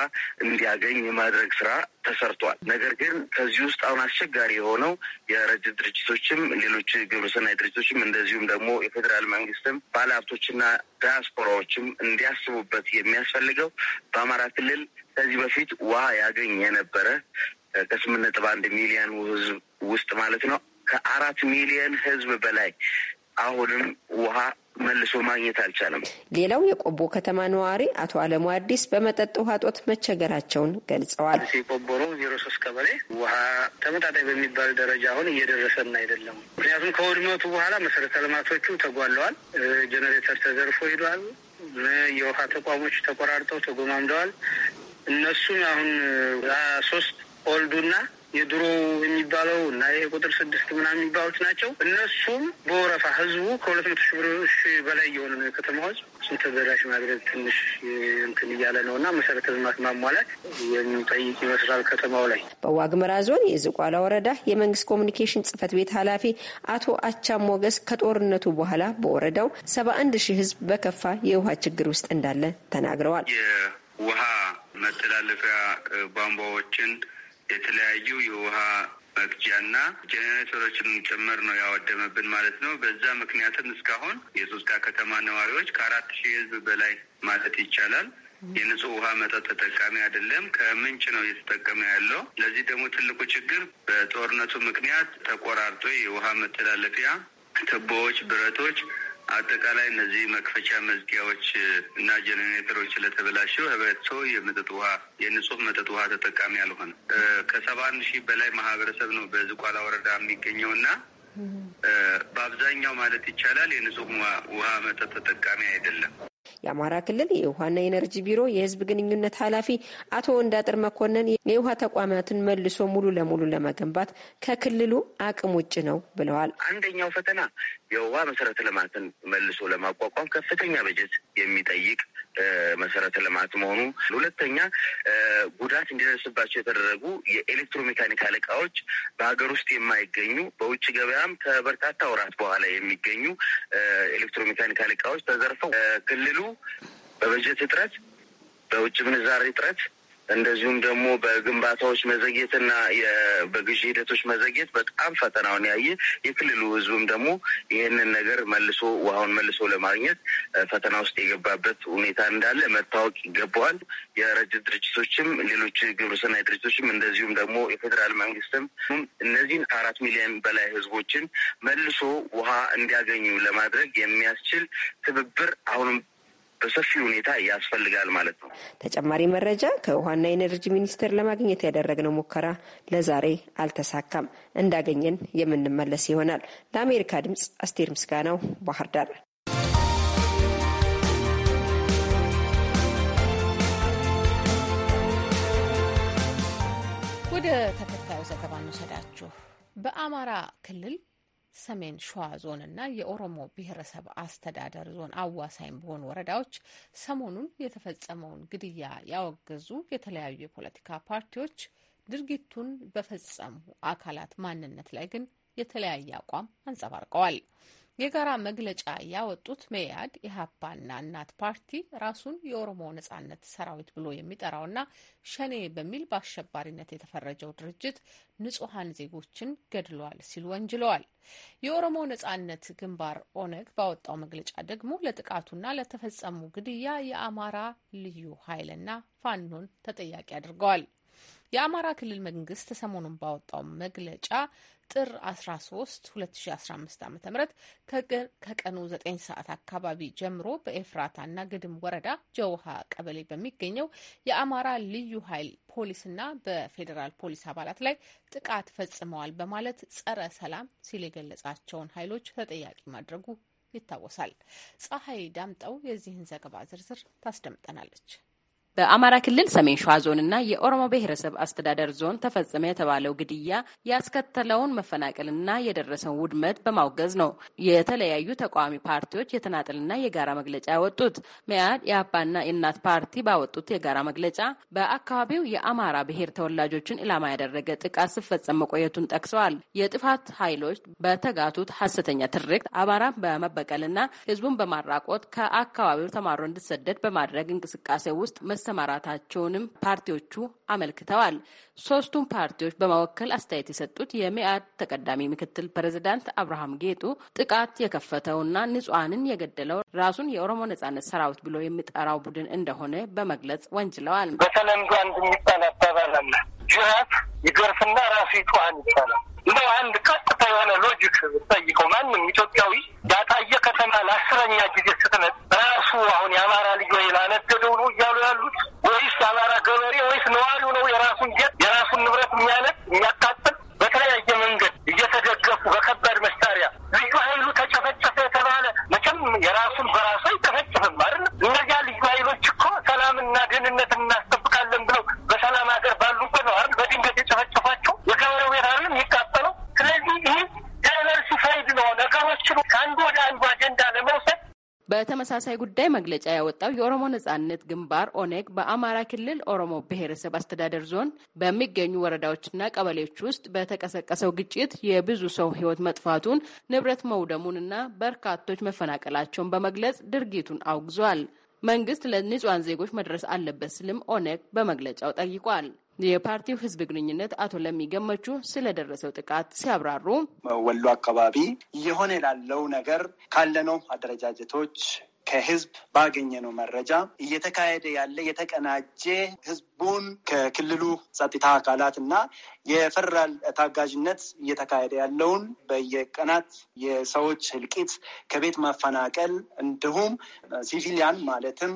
እንዲያገኝ የማድረግ ስራ ተሰርቷል። ነገር ግን ከዚህ ውስጥ አሁን አስቸጋሪ የሆነው የረጅ ድርጅቶችም ሌሎች ግብረሰናይ ድርጅቶችም እንደዚሁም ደግሞ የፌዴራል መንግስትም ባለሀብቶችና ዳያስፖራዎችም እንዲያስቡበት የሚያስፈልገው በአማራ ክልል ከዚህ በፊት ውሃ ያገኝ የነበረ ከስምንት ነጥብ አንድ ሚሊየን ህዝብ ውስጥ ማለት ነው ከአራት ሚሊየን ህዝብ በላይ አሁንም ውሃ መልሶ ማግኘት አልቻለም። ሌላው የቆቦ ከተማ ነዋሪ አቶ አለሙ አዲስ በመጠጥ ውሃ ጦት መቸገራቸውን ገልጸዋል። ቆቦ ነው ዜሮ ሶስት ቀበሌ ውሃ ተመጣጣኝ በሚባል ደረጃ አሁን እየደረሰን አይደለም። ምክንያቱም ከውድመቱ በኋላ መሰረተ ልማቶቹ ተጓለዋል። ጀኔሬተር ተዘርፎ ሂዷል። የውሃ ተቋሞች ተቆራርጠው ተጎማምደዋል። እነሱም አሁን ሶስት ኦልዱና የድሮ የሚባለው እና ይሄ ቁጥር ስድስት ምናምን የሚባሉት ናቸው። እነሱም በወረፋ ህዝቡ ከሁለት መቶ ሺህ ብሮች በላይ የሆነ ነው የከተማ ህዝብ እሱን ተደራሽ ማድረግ ትንሽ እንትን እያለ ነው እና መሰረተ ልማት ማሟላት የሚጠይቅ ይመስላል ከተማው ላይ። በዋግምራ ዞን የዝቋላ ወረዳ የመንግስት ኮሚኒኬሽን ጽህፈት ቤት ኃላፊ አቶ አቻ ሞገስ ከጦርነቱ በኋላ በወረዳው ሰባ አንድ ሺህ ህዝብ በከፋ የውሃ ችግር ውስጥ እንዳለ ተናግረዋል። የውሃ መተላለፊያ ቧንቧዎችን የተለያዩ የውሃ መቅጃና ጄኔሬተሮችን ጭምር ነው ያወደመብን ማለት ነው። በዛ ምክንያትም እስካሁን የሶስት ከተማ ነዋሪዎች ከአራት ሺህ ህዝብ በላይ ማለት ይቻላል የንጹህ ውሃ መጠጥ ተጠቃሚ አይደለም። ከምንጭ ነው እየተጠቀመ ያለው። ለዚህ ደግሞ ትልቁ ችግር በጦርነቱ ምክንያት ተቆራርጦ የውሃ መተላለፊያ ቱቦዎች፣ ብረቶች አጠቃላይ እነዚህ መክፈቻ መዝጊያዎች እና ጀኔሬተሮች ስለተበላሸው ህብረተሰቡ የመጠጥ ውሃ የንጹህ መጠጥ ውሃ ተጠቃሚ ያልሆነ ከሰባ አንድ ሺህ በላይ ማህበረሰብ ነው በዝቋላ ወረዳ የሚገኘው እና በአብዛኛው ማለት ይቻላል የንጹህ ውሃ መጠጥ ተጠቃሚ አይደለም። የአማራ ክልል የውሃና ኤነርጂ ቢሮ የህዝብ ግንኙነት ኃላፊ አቶ ወንዳጥር መኮንን የውሃ ተቋማትን መልሶ ሙሉ ለሙሉ ለመገንባት ከክልሉ አቅም ውጭ ነው ብለዋል። አንደኛው ፈተና የውሃ መሰረተ ልማትን መልሶ ለማቋቋም ከፍተኛ በጀት የሚጠይቅ መሰረተ ልማት መሆኑ፣ ሁለተኛ ጉዳት እንዲደርስባቸው የተደረጉ የኤሌክትሮሜካኒካል እቃዎች በሀገር ውስጥ የማይገኙ በውጭ ገበያም ከበርካታ ወራት በኋላ የሚገኙ ኤሌክትሮሜካኒካል እቃዎች ተዘርፈው ክልሉ በበጀት እጥረት በውጭ ምንዛሬ እጥረት እንደዚሁም ደግሞ በግንባታዎች መዘግየትና በግዢ ሂደቶች መዘግየት በጣም ፈተናውን ያየ የክልሉ ህዝብም ደግሞ ይህንን ነገር መልሶ ውሃውን መልሶ ለማግኘት ፈተና ውስጥ የገባበት ሁኔታ እንዳለ መታወቅ ይገባዋል። የረጅት ድርጅቶችም ሌሎች ግብረሰናይ ድርጅቶችም እንደዚሁም ደግሞ የፌዴራል መንግስትም እነዚህን አራት ሚሊዮን በላይ ህዝቦችን መልሶ ውሃ እንዲያገኙ ለማድረግ የሚያስችል ትብብር አሁንም በሰፊ ሁኔታ ያስፈልጋል ማለት ነው። ተጨማሪ መረጃ ከውሃና ኤነርጂ ሚኒስቴር ለማግኘት ያደረግነው ሙከራ ለዛሬ አልተሳካም። እንዳገኘን የምንመለስ ይሆናል። ለአሜሪካ ድምጽ አስቴር ምስጋናው ባህር ዳር። ወደ ተከታዩ ዘገባ እንውሰዳችሁ። በአማራ ክልል ሰሜን ሸዋ እና የኦሮሞ ብሔረሰብ አስተዳደር ዞን አዋሳኝ በሆኑ ወረዳዎች ሰሞኑን የተፈጸመውን ግድያ ያወገዙ የተለያዩ የፖለቲካ ፓርቲዎች ድርጊቱን በፈጸሙ አካላት ማንነት ላይ ግን የተለያየ አቋም አንጸባርቀዋል። የጋራ መግለጫ ያወጡት መያድ ኢህአፓና እናት ፓርቲ ራሱን የኦሮሞ ነጻነት ሰራዊት ብሎ የሚጠራውና ሸኔ በሚል በአሸባሪነት የተፈረጀው ድርጅት ንጹሐን ዜጎችን ገድሏል ሲሉ ወንጅለዋል። የኦሮሞ ነጻነት ግንባር ኦነግ ባወጣው መግለጫ ደግሞ ለጥቃቱና ለተፈጸሙ ግድያ የአማራ ልዩ ኃይልና ፋኖን ተጠያቂ አድርገዋል። የአማራ ክልል መንግስት ሰሞኑን ባወጣው መግለጫ ጥር 13 2015 ዓ ም ከቀኑ 9 ሰዓት አካባቢ ጀምሮ በኤፍራታና ግድም ወረዳ ጀውሃ ቀበሌ በሚገኘው የአማራ ልዩ ኃይል ፖሊስና በፌዴራል ፖሊስ አባላት ላይ ጥቃት ፈጽመዋል በማለት ጸረ ሰላም ሲል የገለጻቸውን ኃይሎች ተጠያቂ ማድረጉ ይታወሳል። ፀሐይ ዳምጠው የዚህን ዘገባ ዝርዝር ታስደምጠናለች። በአማራ ክልል ሰሜን ሸዋ ዞንና የኦሮሞ ብሔረሰብ አስተዳደር ዞን ተፈጸመ የተባለው ግድያ ያስከተለውን መፈናቀልና የደረሰውን ውድመት በማውገዝ ነው የተለያዩ ተቃዋሚ ፓርቲዎች የተናጠልና የጋራ መግለጫ ያወጡት። መያድ የአባና የእናት ፓርቲ ባወጡት የጋራ መግለጫ በአካባቢው የአማራ ብሔር ተወላጆችን ኢላማ ያደረገ ጥቃት ሲፈጸም መቆየቱን ጠቅሰዋል። የጥፋት ኃይሎች በተጋቱት ሀሰተኛ ትርክት አማራ በመበቀልና ሕዝቡን በማራቆት ከአካባቢው ተማሮ እንዲሰደድ በማድረግ እንቅስቃሴ ውስጥ መሰማራታቸውንም ፓርቲዎቹ አመልክተዋል። ሶስቱም ፓርቲዎች በመወከል አስተያየት የሰጡት የሚያድ ተቀዳሚ ምክትል ፕሬዚዳንት አብርሃም ጌጡ ጥቃት የከፈተውና ንጹሐንን የገደለው ራሱን የኦሮሞ ነጻነት ሰራዊት ብሎ የሚጠራው ቡድን እንደሆነ በመግለጽ ወንጅለዋል። በተለምዶ አንድ የሚባል አባባል አለ። ጅራት ይገርፍና ራሱ ይጮሃል ይባላል። እንደው አንድ ቀጥታ የሆነ ሎጂክ ጠይቀው ማንም ኢትዮጵያዊ ያጣየ ከተማ ለአስረኛ ጊዜ ስትነጥ ራሱ አሁን የአማራ ልጅ ወይ ላነገደው ነው እያሉ ያሉት ወይስ የአማራ ገበሬ ወይስ ነዋሪው ነው የራሱን ጌጥ የራሱን ንብረት የሚያነጥ የሚያቃጥል በተለያየ መንገድ እየተደገፉ በከባድ መሳሪያ ልዩ ኃይሉ ተጨፈጨፈ የተባለ መቼም የራሱን በራሱ አይጨፈጭፍም አይደል? እነዚያ ልዩ ኃይሎች እኮ ሰላምና ደህንነት እናስጠብቃለን ብለው በሰላም ሀገር ባሉ ችሎ ከአንዱ ወደ አንዱ አጀንዳ ለመውሰድ በተመሳሳይ ጉዳይ መግለጫ ያወጣው የኦሮሞ ነጻነት ግንባር ኦኔግ በአማራ ክልል ኦሮሞ ብሔረሰብ አስተዳደር ዞን በሚገኙ ወረዳዎችና ቀበሌዎች ውስጥ በተቀሰቀሰው ግጭት የብዙ ሰው ሕይወት መጥፋቱን፣ ንብረት መውደሙንና በርካቶች መፈናቀላቸውን በመግለጽ ድርጊቱን አውግዟል። መንግስት ለንጹሃን ዜጎች መድረስ አለበት ስልም ኦኔግ በመግለጫው ጠይቋል። የፓርቲው ህዝብ ግንኙነት አቶ ለሚገመቹ ስለደረሰው ጥቃት ሲያብራሩ ወሎ አካባቢ እየሆነ ላለው ነገር ካለነው አደረጃጀቶች ከህዝብ ባገኘነው መረጃ እየተካሄደ ያለ የተቀናጀ ህዝብ ህዝቡን ከክልሉ ጸጥታ አካላት እና የፌደራል ታጋዥነት እየተካሄደ ያለውን በየቀናት የሰዎች እልቂት፣ ከቤት ማፈናቀል እንዲሁም ሲቪሊያን ማለትም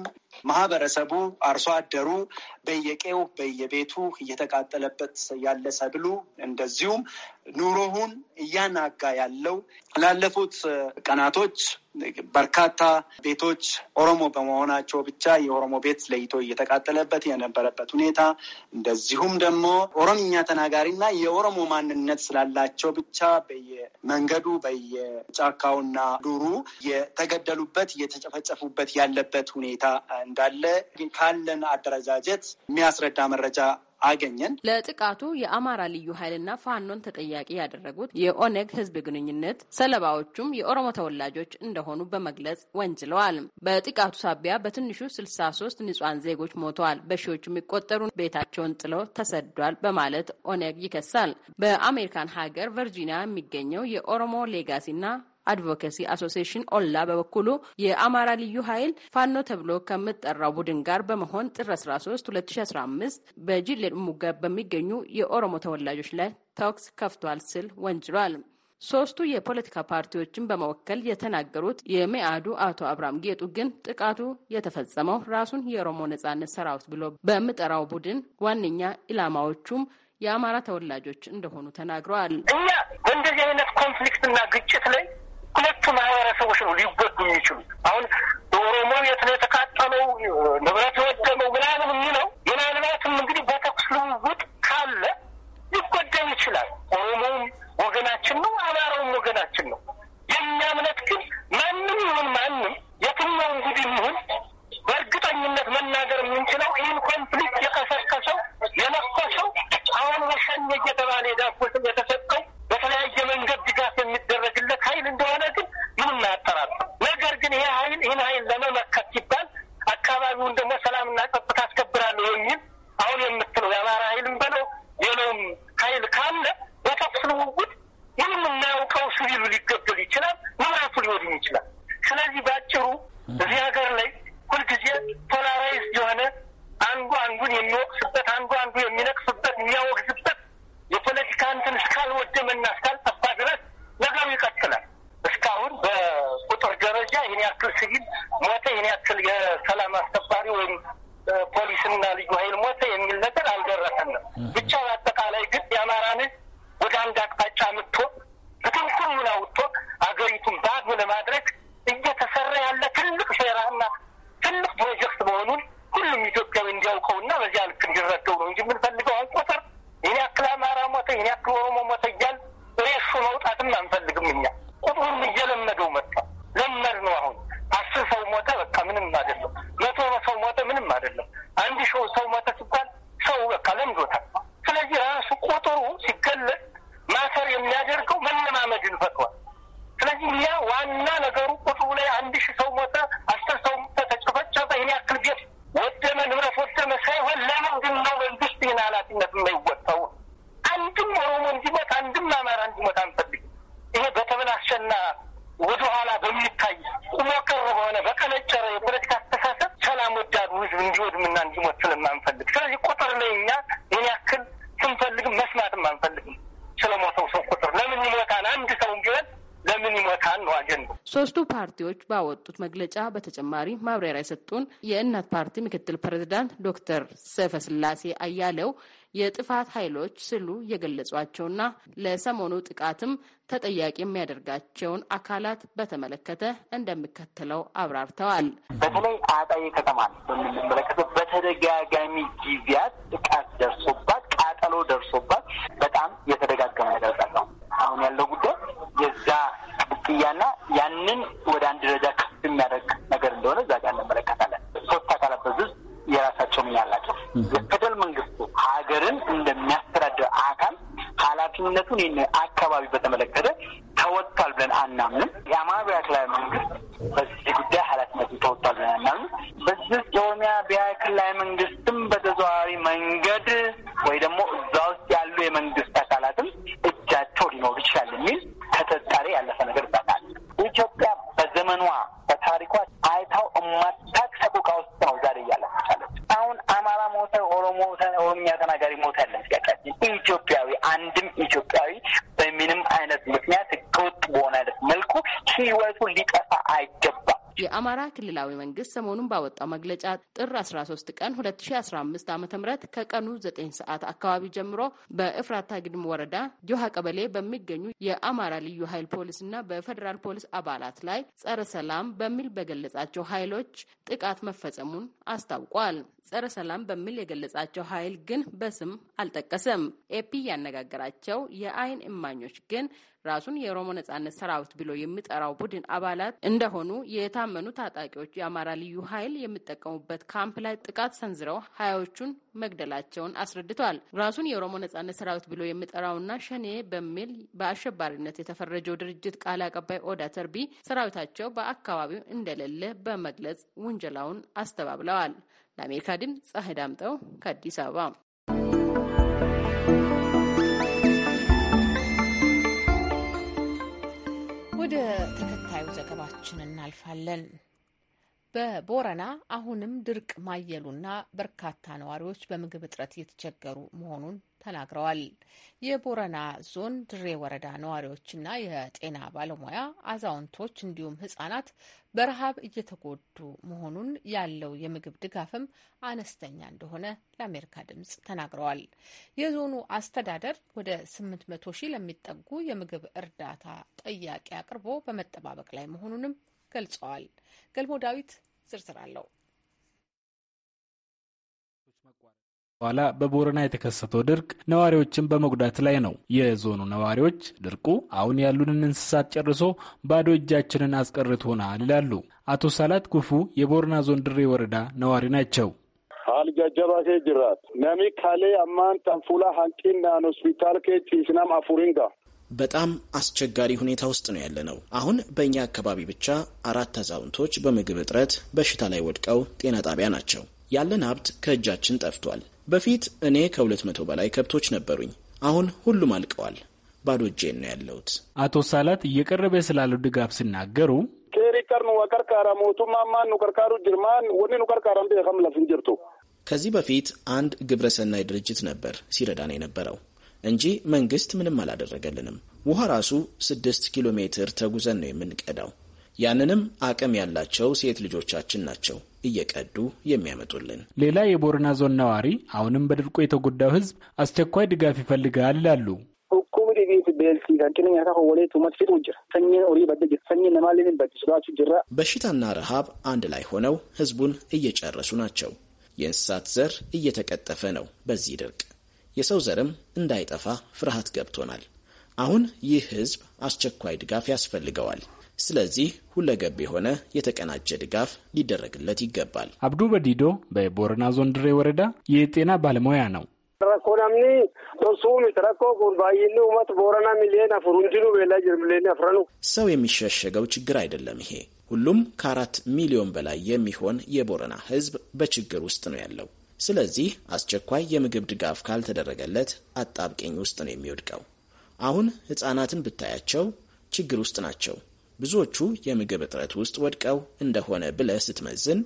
ማህበረሰቡ አርሶ አደሩ በየቄው በየቤቱ እየተቃጠለበት ያለ ሰብሉ እንደዚሁም ኑሮውን እያናጋ ያለው ላለፉት ቀናቶች በርካታ ቤቶች ኦሮሞ በመሆናቸው ብቻ የኦሮሞ ቤት ለይቶ እየተቃጠለበት የነበረበት ሁኔታ እንደዚሁም ደግሞ ኦሮምኛ ተናጋሪና የኦሮሞ ማንነት ስላላቸው ብቻ በየመንገዱ በየጫካውና ዱሩ የተገደሉበት እየተጨፈጨፉበት ያለበት ሁኔታ እንዳለ ካለን አደረጃጀት የሚያስረዳ መረጃ አገኘን። ለጥቃቱ የአማራ ልዩ ኃይልና ፋኖን ተጠያቂ ያደረጉት የኦነግ ህዝብ ግንኙነት ሰለባዎቹም የኦሮሞ ተወላጆች እንደሆኑ በመግለጽ ወንጅለዋል። በጥቃቱ ሳቢያ በትንሹ 63 ሶስት ንጹሐን ዜጎች ሞተዋል፣ በሺዎች የሚቆጠሩ ቤታቸውን ጥለው ተሰዷል በማለት ኦነግ ይከሳል። በአሜሪካን ሀገር ቨርጂኒያ የሚገኘው የኦሮሞ ሌጋሲና አድቮኬሲ አሶሲሽን ኦላ በበኩሉ የአማራ ልዩ ኃይል ፋኖ ተብሎ ከምጠራው ቡድን ጋር በመሆን ጥር 13 2015 በጅሌ ሙጋ በሚገኙ የኦሮሞ ተወላጆች ላይ ተኩስ ከፍቷል ስል ወንጅሏል። ሶስቱ የፖለቲካ ፓርቲዎችን በመወከል የተናገሩት የመኢአዱ አቶ አብርሃም ጌጡ ግን ጥቃቱ የተፈጸመው ራሱን የኦሮሞ ነጻነት ሰራዊት ብሎ በምጠራው ቡድን ዋነኛ ኢላማዎቹም የአማራ ተወላጆች እንደሆኑ ተናግረዋል። እኛ እንደዚህ አይነት ኮንፍሊክትና ግጭት ላይ ሁለቱ ማህበረሰቦች ነው ሊጎዱ የሚችሉ አሁን በኦሮሞ የት ነው የተቃጠለው ንብረት የወደመው ምናምን የሚለው የማንባትም እንግዲህ በሆነ በቀነጨረ የፖለቲካ አስተሳሰብ ሰላም ወዳዱ ህዝብ እንዲወድምና እንዲሞት ስለማንፈልግ፣ ስለዚህ ቁጥር ላይ እኛ ምን ያክል ስንፈልግም መስማትም አንፈልግም። ስለሞተው ሰው ቁጥር ለምን ይሞታል? አንድ ሰው ቢሆን ለምን ይሞታል ነው አጀንዳ። ሶስቱ ፓርቲዎች ባወጡት መግለጫ በተጨማሪ ማብራሪያ የሰጡን የእናት ፓርቲ ምክትል ፕሬዚዳንት ዶክተር ሰፈስላሴ አያሌው የጥፋት ኃይሎች ስሉ የገለጿቸውና ለሰሞኑ ጥቃትም ተጠያቂ የሚያደርጋቸውን አካላት በተመለከተ እንደሚከተለው አብራርተዋል። በተለይ አጣዬ ከተማ በምንመለከተው በተደጋጋሚ ጊዜያት ጥቃት ደርሶባት ቃጠሎ ደርሶባት በጣም የተደጋገመ ነገር አሁን ያለው ጉዳይ የዛ ቅጥያና ያንን ወደ አንድ ደረጃ ከፍ የሚያደርግ ነገር እንደሆነ እዛ ጋር እንመለከታለን። ሶስት አካላት በዚህ የራሳቸው ሚና አላቸው። ሀገርን እንደሚያስተዳድር አካል ኃላፊነቱን ይህን አካባቢ በተመለከተ ተወጥቷል ብለን አናምንም። የአማራ ብሔራዊ ክልላዊ መንግስት በዚህ ጉዳይ ኃላፊነቱን ተወጥቷል ብለን አናምንም። በዚህ የኦሮሚያ ብሔራዊ ክልላዊ መንግስትም በተዘዋዋሪ መንገድ ወይ ደግሞ እዛ ውስጥ ያሉ የመንግስት አካላትም እጃቸው ሊኖር ይችላል የሚል ከተጣሪ ያለፈ ነገር ይባታል። ኢትዮጵያ በዘመኗ በታሪኳ አይታው እማታ ሞተ፣ ኦሮሞ ኦሮምኛ ተናጋሪ ሞተ ያለ ስጋቃችን ኢትዮጵያዊ አንድም ኢትዮጵያዊ በምንም አይነት ምክንያት ህገወጥ በሆነ አይነት መልኩ ህይወቱ ሊጠፋ አይገባም። የአማራ ክልላዊ መንግስት ሰሞኑን ባወጣው መግለጫ ጥር 13 ቀን 2015 ዓ ም ከቀኑ 9 ሰዓት አካባቢ ጀምሮ በእፍራታ ግድም ወረዳ ጆሃ ቀበሌ በሚገኙ የአማራ ልዩ ኃይል ፖሊስና በፌዴራል ፖሊስ አባላት ላይ ጸረ ሰላም በሚል በገለጻቸው ኃይሎች ጥቃት መፈጸሙን አስታውቋል። ጸረ ሰላም በሚል የገለጻቸው ኃይል ግን በስም አልጠቀሰም። ኤፒ ያነጋገራቸው የአይን እማኞች ግን ራሱን የኦሮሞ ነጻነት ሰራዊት ብሎ የሚጠራው ቡድን አባላት እንደሆኑ የታመኑ ታጣቂዎች የአማራ ልዩ ኃይል የሚጠቀሙበት ካምፕ ላይ ጥቃት ሰንዝረው ሀያዎቹን መግደላቸውን አስረድቷል። ራሱን የኦሮሞ ነጻነት ሰራዊት ብሎ የሚጠራውና ሸኔ በሚል በአሸባሪነት የተፈረጀው ድርጅት ቃል አቀባይ ኦዳ ተርቢ ሰራዊታቸው በአካባቢው እንደሌለ በመግለጽ ውንጀላውን አስተባብለዋል። ለአሜሪካ ድምፅ ፀሐይ ዳምጠው ከአዲስ አበባ። ወደ ተከታዩ ዘገባችን እናልፋለን። በቦረና አሁንም ድርቅ ማየሉና በርካታ ነዋሪዎች በምግብ እጥረት እየተቸገሩ መሆኑን ተናግረዋል። የቦረና ዞን ድሬ ወረዳ ነዋሪዎችና የጤና ባለሙያ አዛውንቶች፣ እንዲሁም ህጻናት በረሃብ እየተጎዱ መሆኑን ያለው የምግብ ድጋፍም አነስተኛ እንደሆነ ለአሜሪካ ድምጽ ተናግረዋል። የዞኑ አስተዳደር ወደ 800 ሺህ ለሚጠጉ የምግብ እርዳታ ጥያቄ አቅርቦ በመጠባበቅ ላይ መሆኑንም ገልጸዋል። ገልሞ ዳዊት ዝርዝር አለው። በኋላ በቦረና የተከሰተው ድርቅ ነዋሪዎችን በመጉዳት ላይ ነው። የዞኑ ነዋሪዎች ድርቁ አሁን ያሉንን እንስሳት ጨርሶ ባዶ እጃችንን አስቀርቶናል ይላሉ። አቶ ሳላት ጉፉ የቦረና ዞን ድሬ ወረዳ ነዋሪ ናቸው። አልጃጀባ ጅራት ነሚ ካሌ አማን ጠንፉላ ሀንቂና ሆስፒታል ኬ አፉሪንጋ በጣም አስቸጋሪ ሁኔታ ውስጥ ነው ያለነው። አሁን በእኛ አካባቢ ብቻ አራት አዛውንቶች በምግብ እጥረት በሽታ ላይ ወድቀው ጤና ጣቢያ ናቸው። ያለን ሀብት ከእጃችን ጠፍቷል። በፊት እኔ ከሁለት መቶ በላይ ከብቶች ነበሩኝ። አሁን ሁሉም አልቀዋል። ባዶ እጄን ነው ያለሁት። አቶ ሳላት እየቀረበ ስላለው ድጋፍ ሲናገሩ ከዚህ በፊት አንድ ግብረሰናይ ድርጅት ነበር ሲረዳን የነበረው እንጂ መንግስት ምንም አላደረገልንም። ውሃ ራሱ ስድስት ኪሎ ሜትር ተጉዘን ነው የምንቀዳው። ያንንም አቅም ያላቸው ሴት ልጆቻችን ናቸው እየቀዱ የሚያመጡልን። ሌላ የቦረና ዞን ነዋሪ አሁንም በድርቆ የተጎዳው ህዝብ አስቸኳይ ድጋፍ ይፈልጋል ይላሉ። በሽታና ረሃብ አንድ ላይ ሆነው ህዝቡን እየጨረሱ ናቸው። የእንስሳት ዘር እየተቀጠፈ ነው በዚህ ድርቅ የሰው ዘርም እንዳይጠፋ ፍርሃት ገብቶናል። አሁን ይህ ህዝብ አስቸኳይ ድጋፍ ያስፈልገዋል። ስለዚህ ሁለገብ የሆነ የተቀናጀ ድጋፍ ሊደረግለት ይገባል። አብዱ በዲዶ በቦረና ዞን ድሬ ወረዳ የጤና ባለሙያ ነው። ሰው የሚሸሸገው ችግር አይደለም ይሄ። ሁሉም ከአራት ሚሊዮን በላይ የሚሆን የቦረና ህዝብ በችግር ውስጥ ነው ያለው። ስለዚህ አስቸኳይ የምግብ ድጋፍ ካልተደረገለት አጣብቂኝ ውስጥ ነው የሚወድቀው። አሁን ሕፃናትን ብታያቸው ችግር ውስጥ ናቸው። ብዙዎቹ የምግብ እጥረት ውስጥ ወድቀው እንደሆነ ብለህ ስትመዝን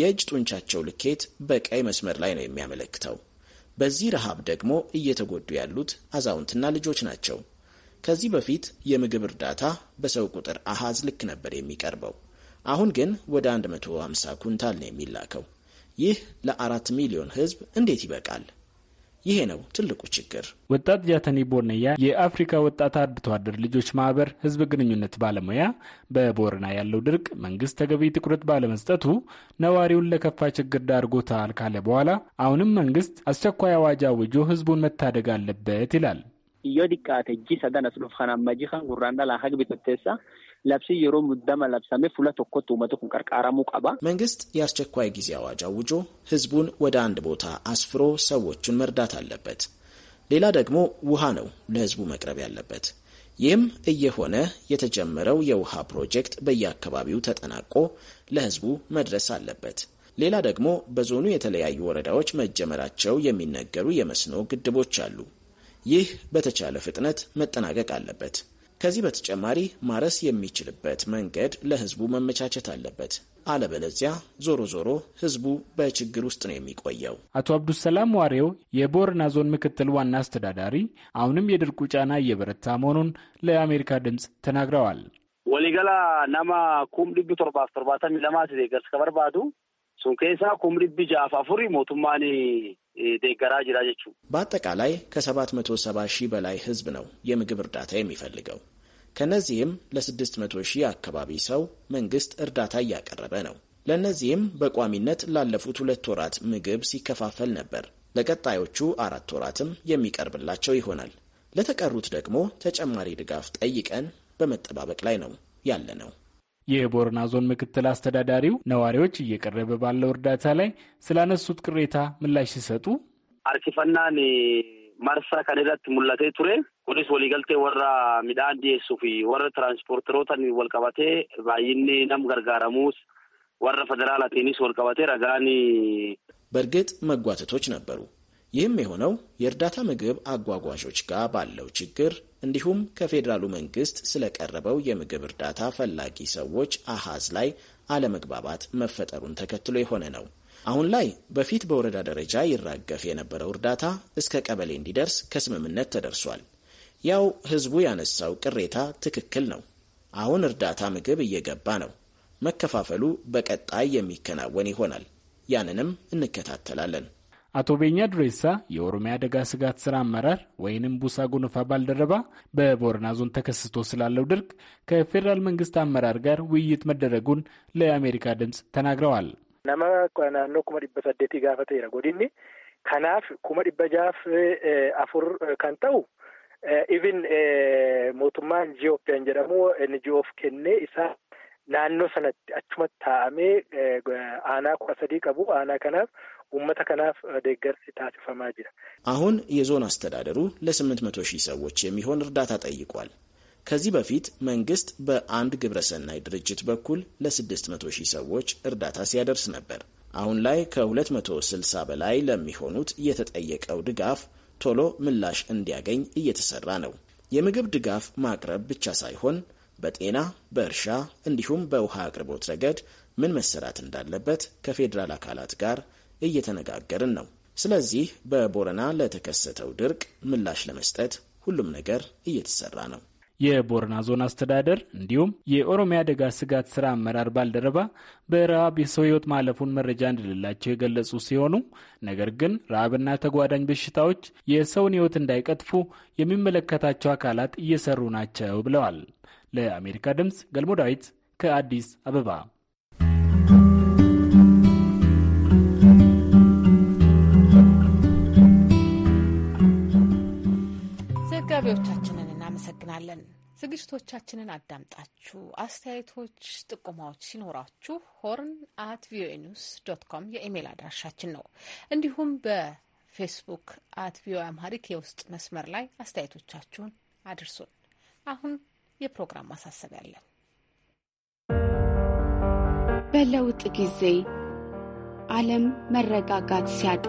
የእጅ ጡንቻቸው ልኬት በቀይ መስመር ላይ ነው የሚያመለክተው። በዚህ ረሃብ ደግሞ እየተጎዱ ያሉት አዛውንትና ልጆች ናቸው። ከዚህ በፊት የምግብ እርዳታ በሰው ቁጥር አሃዝ ልክ ነበር የሚቀርበው። አሁን ግን ወደ 150 ኩንታል ነው የሚላከው። ይህ ለአራት ሚሊዮን ህዝብ እንዴት ይበቃል? ይሄ ነው ትልቁ ችግር። ወጣት ጃተኒ ቦርነያ የአፍሪካ ወጣት አርብቶ አደር ልጆች ማህበር ህዝብ ግንኙነት ባለሙያ፣ በቦረና ያለው ድርቅ መንግስት ተገቢ ትኩረት ባለመስጠቱ ነዋሪውን ለከፋ ችግር ዳርጎታል ካለ በኋላ አሁንም መንግስት አስቸኳይ አዋጅ አውጆ ህዝቡን መታደግ አለበት ይላል። Iyyoo xiqqaate jisa danas dhufu kanaan majii kan gurraan dhalaa haga bitatteessa labsii yeroo muddama labsame fuula tokkotti uummata kun qarqaaramuu qaba. መንግስት የአስቸኳይ ጊዜ አዋጅ አውጆ ህዝቡን ወደ አንድ ቦታ አስፍሮ ሰዎቹን መርዳት አለበት። ሌላ ደግሞ ውሃ ነው ለህዝቡ መቅረብ ያለበት። ይህም እየሆነ የተጀመረው የውሃ ፕሮጀክት በየአካባቢው ተጠናቆ ለህዝቡ መድረስ አለበት። ሌላ ደግሞ በዞኑ የተለያዩ ወረዳዎች መጀመራቸው የሚነገሩ የመስኖ ግድቦች አሉ። ይህ በተቻለ ፍጥነት መጠናቀቅ አለበት። ከዚህ በተጨማሪ ማረስ የሚችልበት መንገድ ለህዝቡ መመቻቸት አለበት። አለበለዚያ ዞሮ ዞሮ ህዝቡ በችግር ውስጥ ነው የሚቆየው። አቶ አብዱሰላም ዋሬው የቦረና ዞን ምክትል ዋና አስተዳዳሪ፣ አሁንም የድርቁ ጫና እየበረታ መሆኑን ለአሜሪካ ድምፅ ተናግረዋል። ወሊገላ ነማ ኩም ድቢ ቶርባፍ ቶርባተሚ ለማት ገርስ ከበርባቱ ኩም ድቢ ጃፍ አፉሪ ሞቱማኒ ደገራ ጅራ jechuudha. በአጠቃላይ ከ770 ሺህ በላይ ህዝብ ነው የምግብ እርዳታ የሚፈልገው። ከነዚህም ለ600 ሺህ አካባቢ ሰው መንግስት እርዳታ እያቀረበ ነው። ለእነዚህም በቋሚነት ላለፉት ሁለት ወራት ምግብ ሲከፋፈል ነበር። ለቀጣዮቹ አራት ወራትም የሚቀርብላቸው ይሆናል። ለተቀሩት ደግሞ ተጨማሪ ድጋፍ ጠይቀን በመጠባበቅ ላይ ነው ያለ ነው። የቦረና ዞን ምክትል አስተዳዳሪው ነዋሪዎች እየቀረበ ባለው እርዳታ ላይ ስላነሱት ቅሬታ ምላሽ ሲሰጡ አርኪፈናን ማርሳ ከነዳት ሙላቴ ቱሬ ቁኒስ ወሊገልቴ ወራ ሚዳን ዲሱፍ ወረ ትራንስፖርት ሮተን ወልቀባቴ ባይኒ ነም ገርጋረሙስ ወረ ፌደራል አቴኒስ ወልቀባቴ ረጋኒ በእርግጥ መጓተቶች ነበሩ። ይህም የሆነው የእርዳታ ምግብ አጓጓዦች ጋር ባለው ችግር እንዲሁም ከፌዴራሉ መንግስት ስለቀረበው የምግብ እርዳታ ፈላጊ ሰዎች አሃዝ ላይ አለመግባባት መፈጠሩን ተከትሎ የሆነ ነው። አሁን ላይ በፊት በወረዳ ደረጃ ይራገፍ የነበረው እርዳታ እስከ ቀበሌ እንዲደርስ ከስምምነት ተደርሷል። ያው ህዝቡ ያነሳው ቅሬታ ትክክል ነው። አሁን እርዳታ ምግብ እየገባ ነው። መከፋፈሉ በቀጣይ የሚከናወን ይሆናል። ያንንም እንከታተላለን። አቶ ቤኛ ዱሬሳ የኦሮሚያ አደጋ ስጋት ስራ አመራር ወይንም ቡሳ ጎኖፋ ባልደረባ በቦረና ዞን ተከስቶ ስላለው ድርቅ ከፌዴራል መንግስት አመራር ጋር ውይይት መደረጉን ለአሜሪካ ድምፅ ተናግረዋል። ነመ ናኖ ኩመ ዲበ ሰዴቲ ጋፈቴረ ጎዲኒ ከናፍ ኩመ ዲበ ጃፍ አፉር ከንጠው ኢቭን ሞቱማ ጂኦፒያን ጀደሙ ንጂኦፍ ኬኔ ኢሳ ናኖ ሰነት አቹመት ታአሜ አና ኩሰዲ ቀቡ አና ከናፍ uummata kanaaf deeggarsi taasifamaa jira. አሁን የዞን አስተዳደሩ ለ800 ሺህ ሰዎች የሚሆን እርዳታ ጠይቋል። ከዚህ በፊት መንግስት በአንድ ግብረሰናይ ድርጅት በኩል ለ600 ሺህ ሰዎች እርዳታ ሲያደርስ ነበር። አሁን ላይ ከ260 በላይ ለሚሆኑት የተጠየቀው ድጋፍ ቶሎ ምላሽ እንዲያገኝ እየተሰራ ነው። የምግብ ድጋፍ ማቅረብ ብቻ ሳይሆን በጤና፣ በእርሻ እንዲሁም በውሃ አቅርቦት ረገድ ምን መሰራት እንዳለበት ከፌዴራል አካላት ጋር እየተነጋገርን ነው። ስለዚህ በቦረና ለተከሰተው ድርቅ ምላሽ ለመስጠት ሁሉም ነገር እየተሰራ ነው። የቦረና ዞን አስተዳደር እንዲሁም የኦሮሚያ አደጋ ስጋት ስራ አመራር ባልደረባ በረሃብ የሰው ህይወት ማለፉን መረጃ እንደሌላቸው የገለጹ ሲሆኑ ነገር ግን ረሃብና ተጓዳኝ በሽታዎች የሰውን ህይወት እንዳይቀጥፉ የሚመለከታቸው አካላት እየሰሩ ናቸው ብለዋል። ለአሜሪካ ድምፅ ገልሞ ዳዊት ከአዲስ አበባ ዘጋቢዎቻችንን እናመሰግናለን። ዝግጅቶቻችንን አዳምጣችሁ አስተያየቶች፣ ጥቁማዎች ሲኖራችሁ ሆርን አት ቪኦኤ ኒውስ ዶት ኮም የኢሜይል አድራሻችን ነው። እንዲሁም በፌስቡክ አት ቪኦኤ አምሃሪክ የውስጥ መስመር ላይ አስተያየቶቻችሁን አድርሱን። አሁን የፕሮግራም ማሳሰብ ያለን። በለውጥ ጊዜ ዓለም መረጋጋት ሲያጣ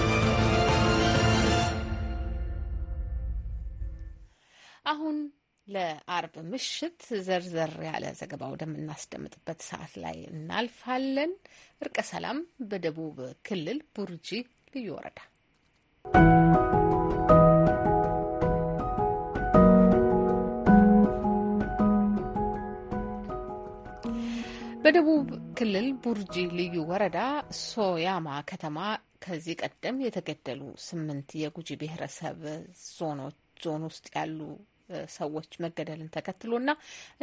ለአርብ ምሽት ዘርዘር ያለ ዘገባ ወደምናስደምጥበት ሰዓት ላይ እናልፋለን። እርቀ ሰላም በደቡብ ክልል ቡርጂ ልዩ ወረዳ በደቡብ ክልል ቡርጂ ልዩ ወረዳ ሶያማ ከተማ ከዚህ ቀደም የተገደሉ ስምንት የጉጂ ብሔረሰብ ዞኖች ዞን ውስጥ ያሉ ሰዎች መገደልን ተከትሎና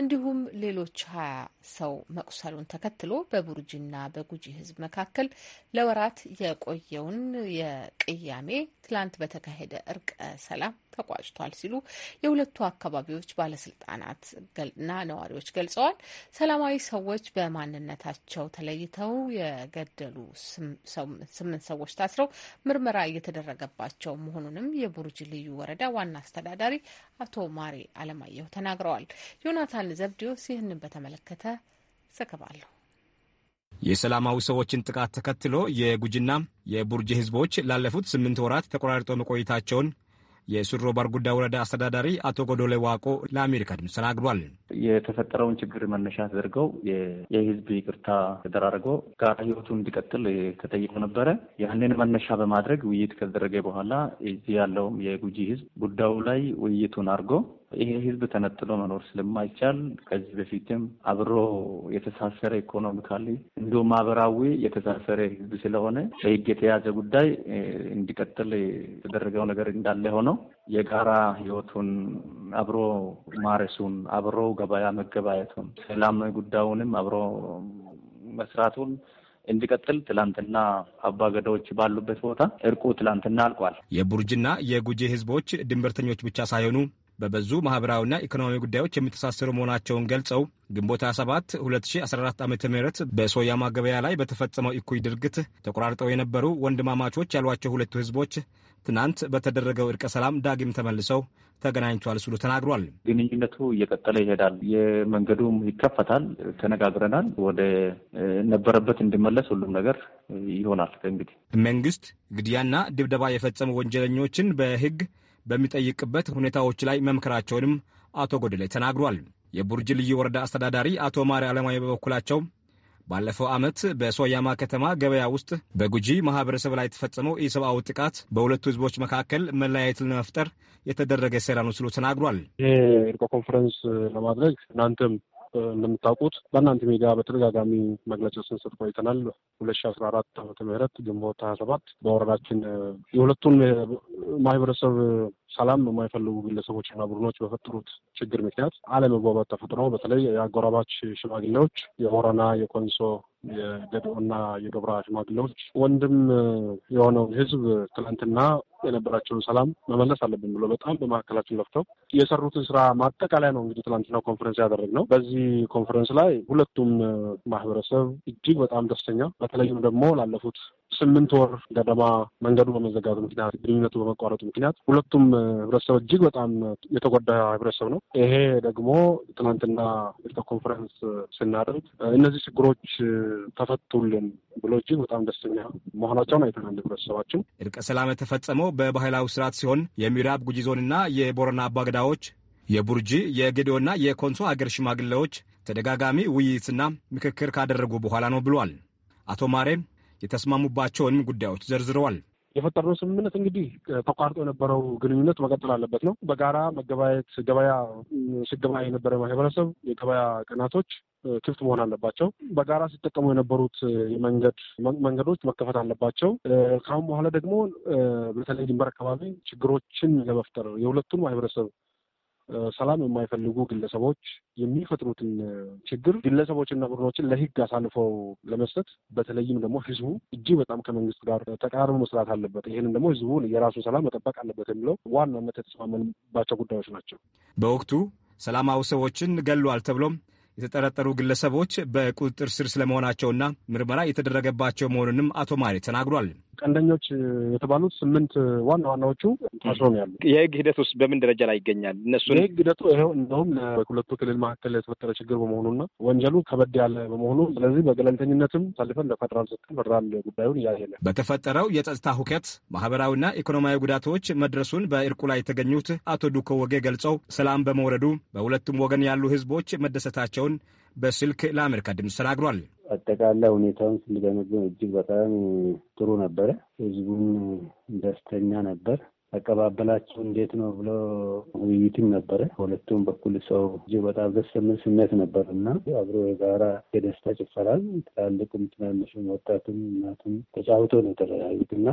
እንዲሁም ሌሎች ሀያ ሰው መቁሰሉን ተከትሎ በቡርጂና በጉጂ ህዝብ መካከል ለወራት የቆየውን የቅያሜ ትላንት በተካሄደ እርቀ ሰላም ተቋጭቷል ሲሉ የሁለቱ አካባቢዎች ባለስልጣናትና ነዋሪዎች ገልጸዋል። ሰላማዊ ሰዎች በማንነታቸው ተለይተው የገደሉ ስምንት ሰዎች ታስረው ምርመራ እየተደረገባቸው መሆኑንም የቡርጂ ልዩ ወረዳ ዋና አስተዳዳሪ አቶ ማሬ አለማየሁ ተናግረዋል። ዮናታን ዘብዲዮስ ይህንን በተመለከተ ዘገባ አለሁ። የሰላማዊ ሰዎችን ጥቃት ተከትሎ የጉጂና የቡርጂ ህዝቦች ላለፉት ስምንት ወራት ተቆራርጦ መቆየታቸውን የሱሮ ባርጉዳ ወረዳ አስተዳዳሪ አቶ ጎዶሌ ዋቆ ለአሜሪካ ድምፅ ተናግሯል። የተፈጠረውን ችግር መነሻ ተደርገው የህዝብ ይቅርታ ተደራርጎ ጋራ ህይወቱ እንዲቀጥል ተጠይቆ ነበረ። ያንን መነሻ በማድረግ ውይይት ከተደረገ በኋላ እዚህ ያለውም የጉጂ ህዝብ ጉዳዩ ላይ ውይይቱን አድርጎ ይሄ ህዝብ ተነጥሎ መኖር ስለማይቻል ከዚህ በፊትም አብሮ የተሳሰረ ኢኮኖሚካሊ እንዲሁም ማህበራዊ የተሳሰረ ህዝብ ስለሆነ በህግ የተያዘ ጉዳይ እንዲቀጥል የተደረገው ነገር እንዳለ ሆነው የጋራ ህይወቱን አብሮ ማረሱን አብሮ ገበያ መገባየቱን ሰላም ጉዳዩንም አብሮ መስራቱን እንዲቀጥል ትላንትና አባገዳዎች ባሉበት ቦታ እርቁ ትላንትና አልቋል። የቡርጅና የጉጂ ህዝቦች ድንበርተኞች ብቻ ሳይሆኑ በብዙ ማህበራዊና ኢኮኖሚያዊ ጉዳዮች የሚተሳሰሩ መሆናቸውን ገልጸው ግንቦት 27 2014 ዓ ም በሶያማ ገበያ ላይ በተፈጸመው እኩይ ድርግት ተቆራርጠው የነበሩ ወንድማማቾች ያሏቸው ሁለቱ ህዝቦች ትናንት በተደረገው እርቀ ሰላም ዳግም ተመልሰው ተገናኝቷል ሲሉ ተናግሯል። ግንኙነቱ እየቀጠለ ይሄዳል። የመንገዱም ይከፈታል። ተነጋግረናል። ወደ ነበረበት እንዲመለስ ሁሉም ነገር ይሆናል። ከእንግዲህ መንግስት ግድያና ድብደባ የፈጸሙ ወንጀለኞችን በህግ በሚጠይቅበት ሁኔታዎች ላይ መምከራቸውንም አቶ ጎደሌ ተናግሯል። የቡርጅ ልዩ ወረዳ አስተዳዳሪ አቶ ማሪ አለማዊ በበኩላቸው ባለፈው ዓመት በሶያማ ከተማ ገበያ ውስጥ በጉጂ ማህበረሰብ ላይ የተፈጸመው የሰብአዊ ጥቃት በሁለቱ ህዝቦች መካከል መለያየት ለመፍጠር የተደረገ ሴራ ነው ሲሉ ተናግሯል። ይሄ እርቀ ኮንፈረንስ ለማድረግ እናንተም እንደምታውቁት በእናንተ ሚዲያ በተደጋጋሚ መግለጫ ስንሰጥ ቆይተናል። ሁለት ሺ አስራ አራት ዓመተ ምህረት ግንቦት ሀያ ሰባት በወረዳችን የሁለቱን ማህበረሰብ ሰላም የማይፈልጉ ግለሰቦችና ቡድኖች በፈጠሩት ችግር ምክንያት አለመግባባት ተፈጥሮ በተለይ የአጎራባች ሽማግሌዎች የሆረና፣ የኮንሶ፣ የገድኦና የዶብራ ሽማግሌዎች ወንድም የሆነውን ህዝብ ትላንትና የነበራቸውን ሰላም መመለስ አለብን ብሎ በጣም በመካከላችን ለፍተው የሰሩትን ስራ ማጠቃለያ ነው እንግዲህ ትናንትና ኮንፈረንስ ያደረግ ነው። በዚህ ኮንፈረንስ ላይ ሁለቱም ማህበረሰብ እጅግ በጣም ደስተኛ፣ በተለይም ደግሞ ላለፉት ስምንት ወር ገደማ መንገዱ በመዘጋቱ ምክንያት ግንኙነቱ በመቋረጡ ምክንያት ሁለቱም ህብረተሰብ እጅግ በጣም የተጎዳ ህብረተሰብ ነው። ይሄ ደግሞ ትናንትና ርተ ኮንፈረንስ ስናደርግ እነዚህ ችግሮች ተፈቱልን ብሎ እጅግ በጣም ደስተኛ መሆናቸውን አይተናል። ህብረተሰባችን እርቀ ሰላም የተፈጸመው በባህላዊ ስርዓት ሲሆን የምዕራብ ጉጂ ዞንና የቦረና አባገዳዎች የቡርጂ የጌዴኦና የኮንሶ አገር ሽማግሌዎች ተደጋጋሚ ውይይትና ምክክር ካደረጉ በኋላ ነው ብሏል አቶ ማሬም የተስማሙባቸውንም ጉዳዮች ዘርዝረዋል። የፈጠርነው ስምምነት እንግዲህ ተቋርጦ የነበረው ግንኙነት መቀጠል አለበት ነው። በጋራ መገባየት ገበያ ሲገበያ የነበረ ማህበረሰብ የገበያ ቀናቶች ክፍት መሆን አለባቸው። በጋራ ሲጠቀሙ የነበሩት የመንገድ መንገዶች መከፈት አለባቸው። ከአሁን በኋላ ደግሞ በተለይ ድንበር አካባቢ ችግሮችን ለመፍጠር የሁለቱን ማህበረሰብ ሰላም የማይፈልጉ ግለሰቦች የሚፈጥሩትን ችግር ግለሰቦችና ቡድኖችን ለህግ አሳልፈው ለመስጠት በተለይም ደግሞ ህዝቡ እጅግ በጣም ከመንግስት ጋር ተቀራርቦ መስራት አለበት። ይህንም ደግሞ ህዝቡ የራሱን ሰላም መጠበቅ አለበት የሚለው ዋናነት የተስማመንባቸው ጉዳዮች ናቸው። በወቅቱ ሰላማዊ ሰዎችን ገሏል ተብሎም የተጠረጠሩ ግለሰቦች በቁጥጥር ስር ስለመሆናቸውና ምርመራ የተደረገባቸው መሆኑንም አቶ ማሪ ተናግሯል። ቀንደኞች የተባሉት ስምንት ዋና ዋናዎቹ ታስሮ ነው ያሉ። የህግ ሂደት ውስጥ በምን ደረጃ ላይ ይገኛል? እነሱ የህግ ሂደቱ ይኸው እንደውም ሁለቱ ክልል መካከል የተፈጠረ ችግር በመሆኑና ወንጀሉ ከበድ ያለ በመሆኑ ስለዚህ በገለልተኝነትም ሳልፈን ለፌደራል ሰጥተን ፌደራል ጉዳዩን እያየለ በተፈጠረው የጸጥታ ሁከት ማህበራዊና ኢኮኖሚያዊ ጉዳቶች መድረሱን በእርቁ ላይ የተገኙት አቶ ዱኮ ወጌ ገልጸው ሰላም በመውረዱ በሁለቱም ወገን ያሉ ህዝቦች መደሰታቸውን በስልክ ለአሜሪካ ድምፅ ተናግሯል። አጠቃላይ ሁኔታውን ስንገመግም እጅግ በጣም ጥሩ ነበረ። ህዝቡም ደስተኛ ነበር። አቀባበላቸው እንዴት ነው ብሎ ውይይትም ነበረ። ሁለቱም በኩል ሰው እጅግ በጣም ደስ የሚል ስሜት ነበር እና አብሮ የጋራ የደስታ ጭፈራል። ትላልቁም ትናንሹም፣ ወጣቱም እናቱም ተጫውቶ ነው የተለያዩት እና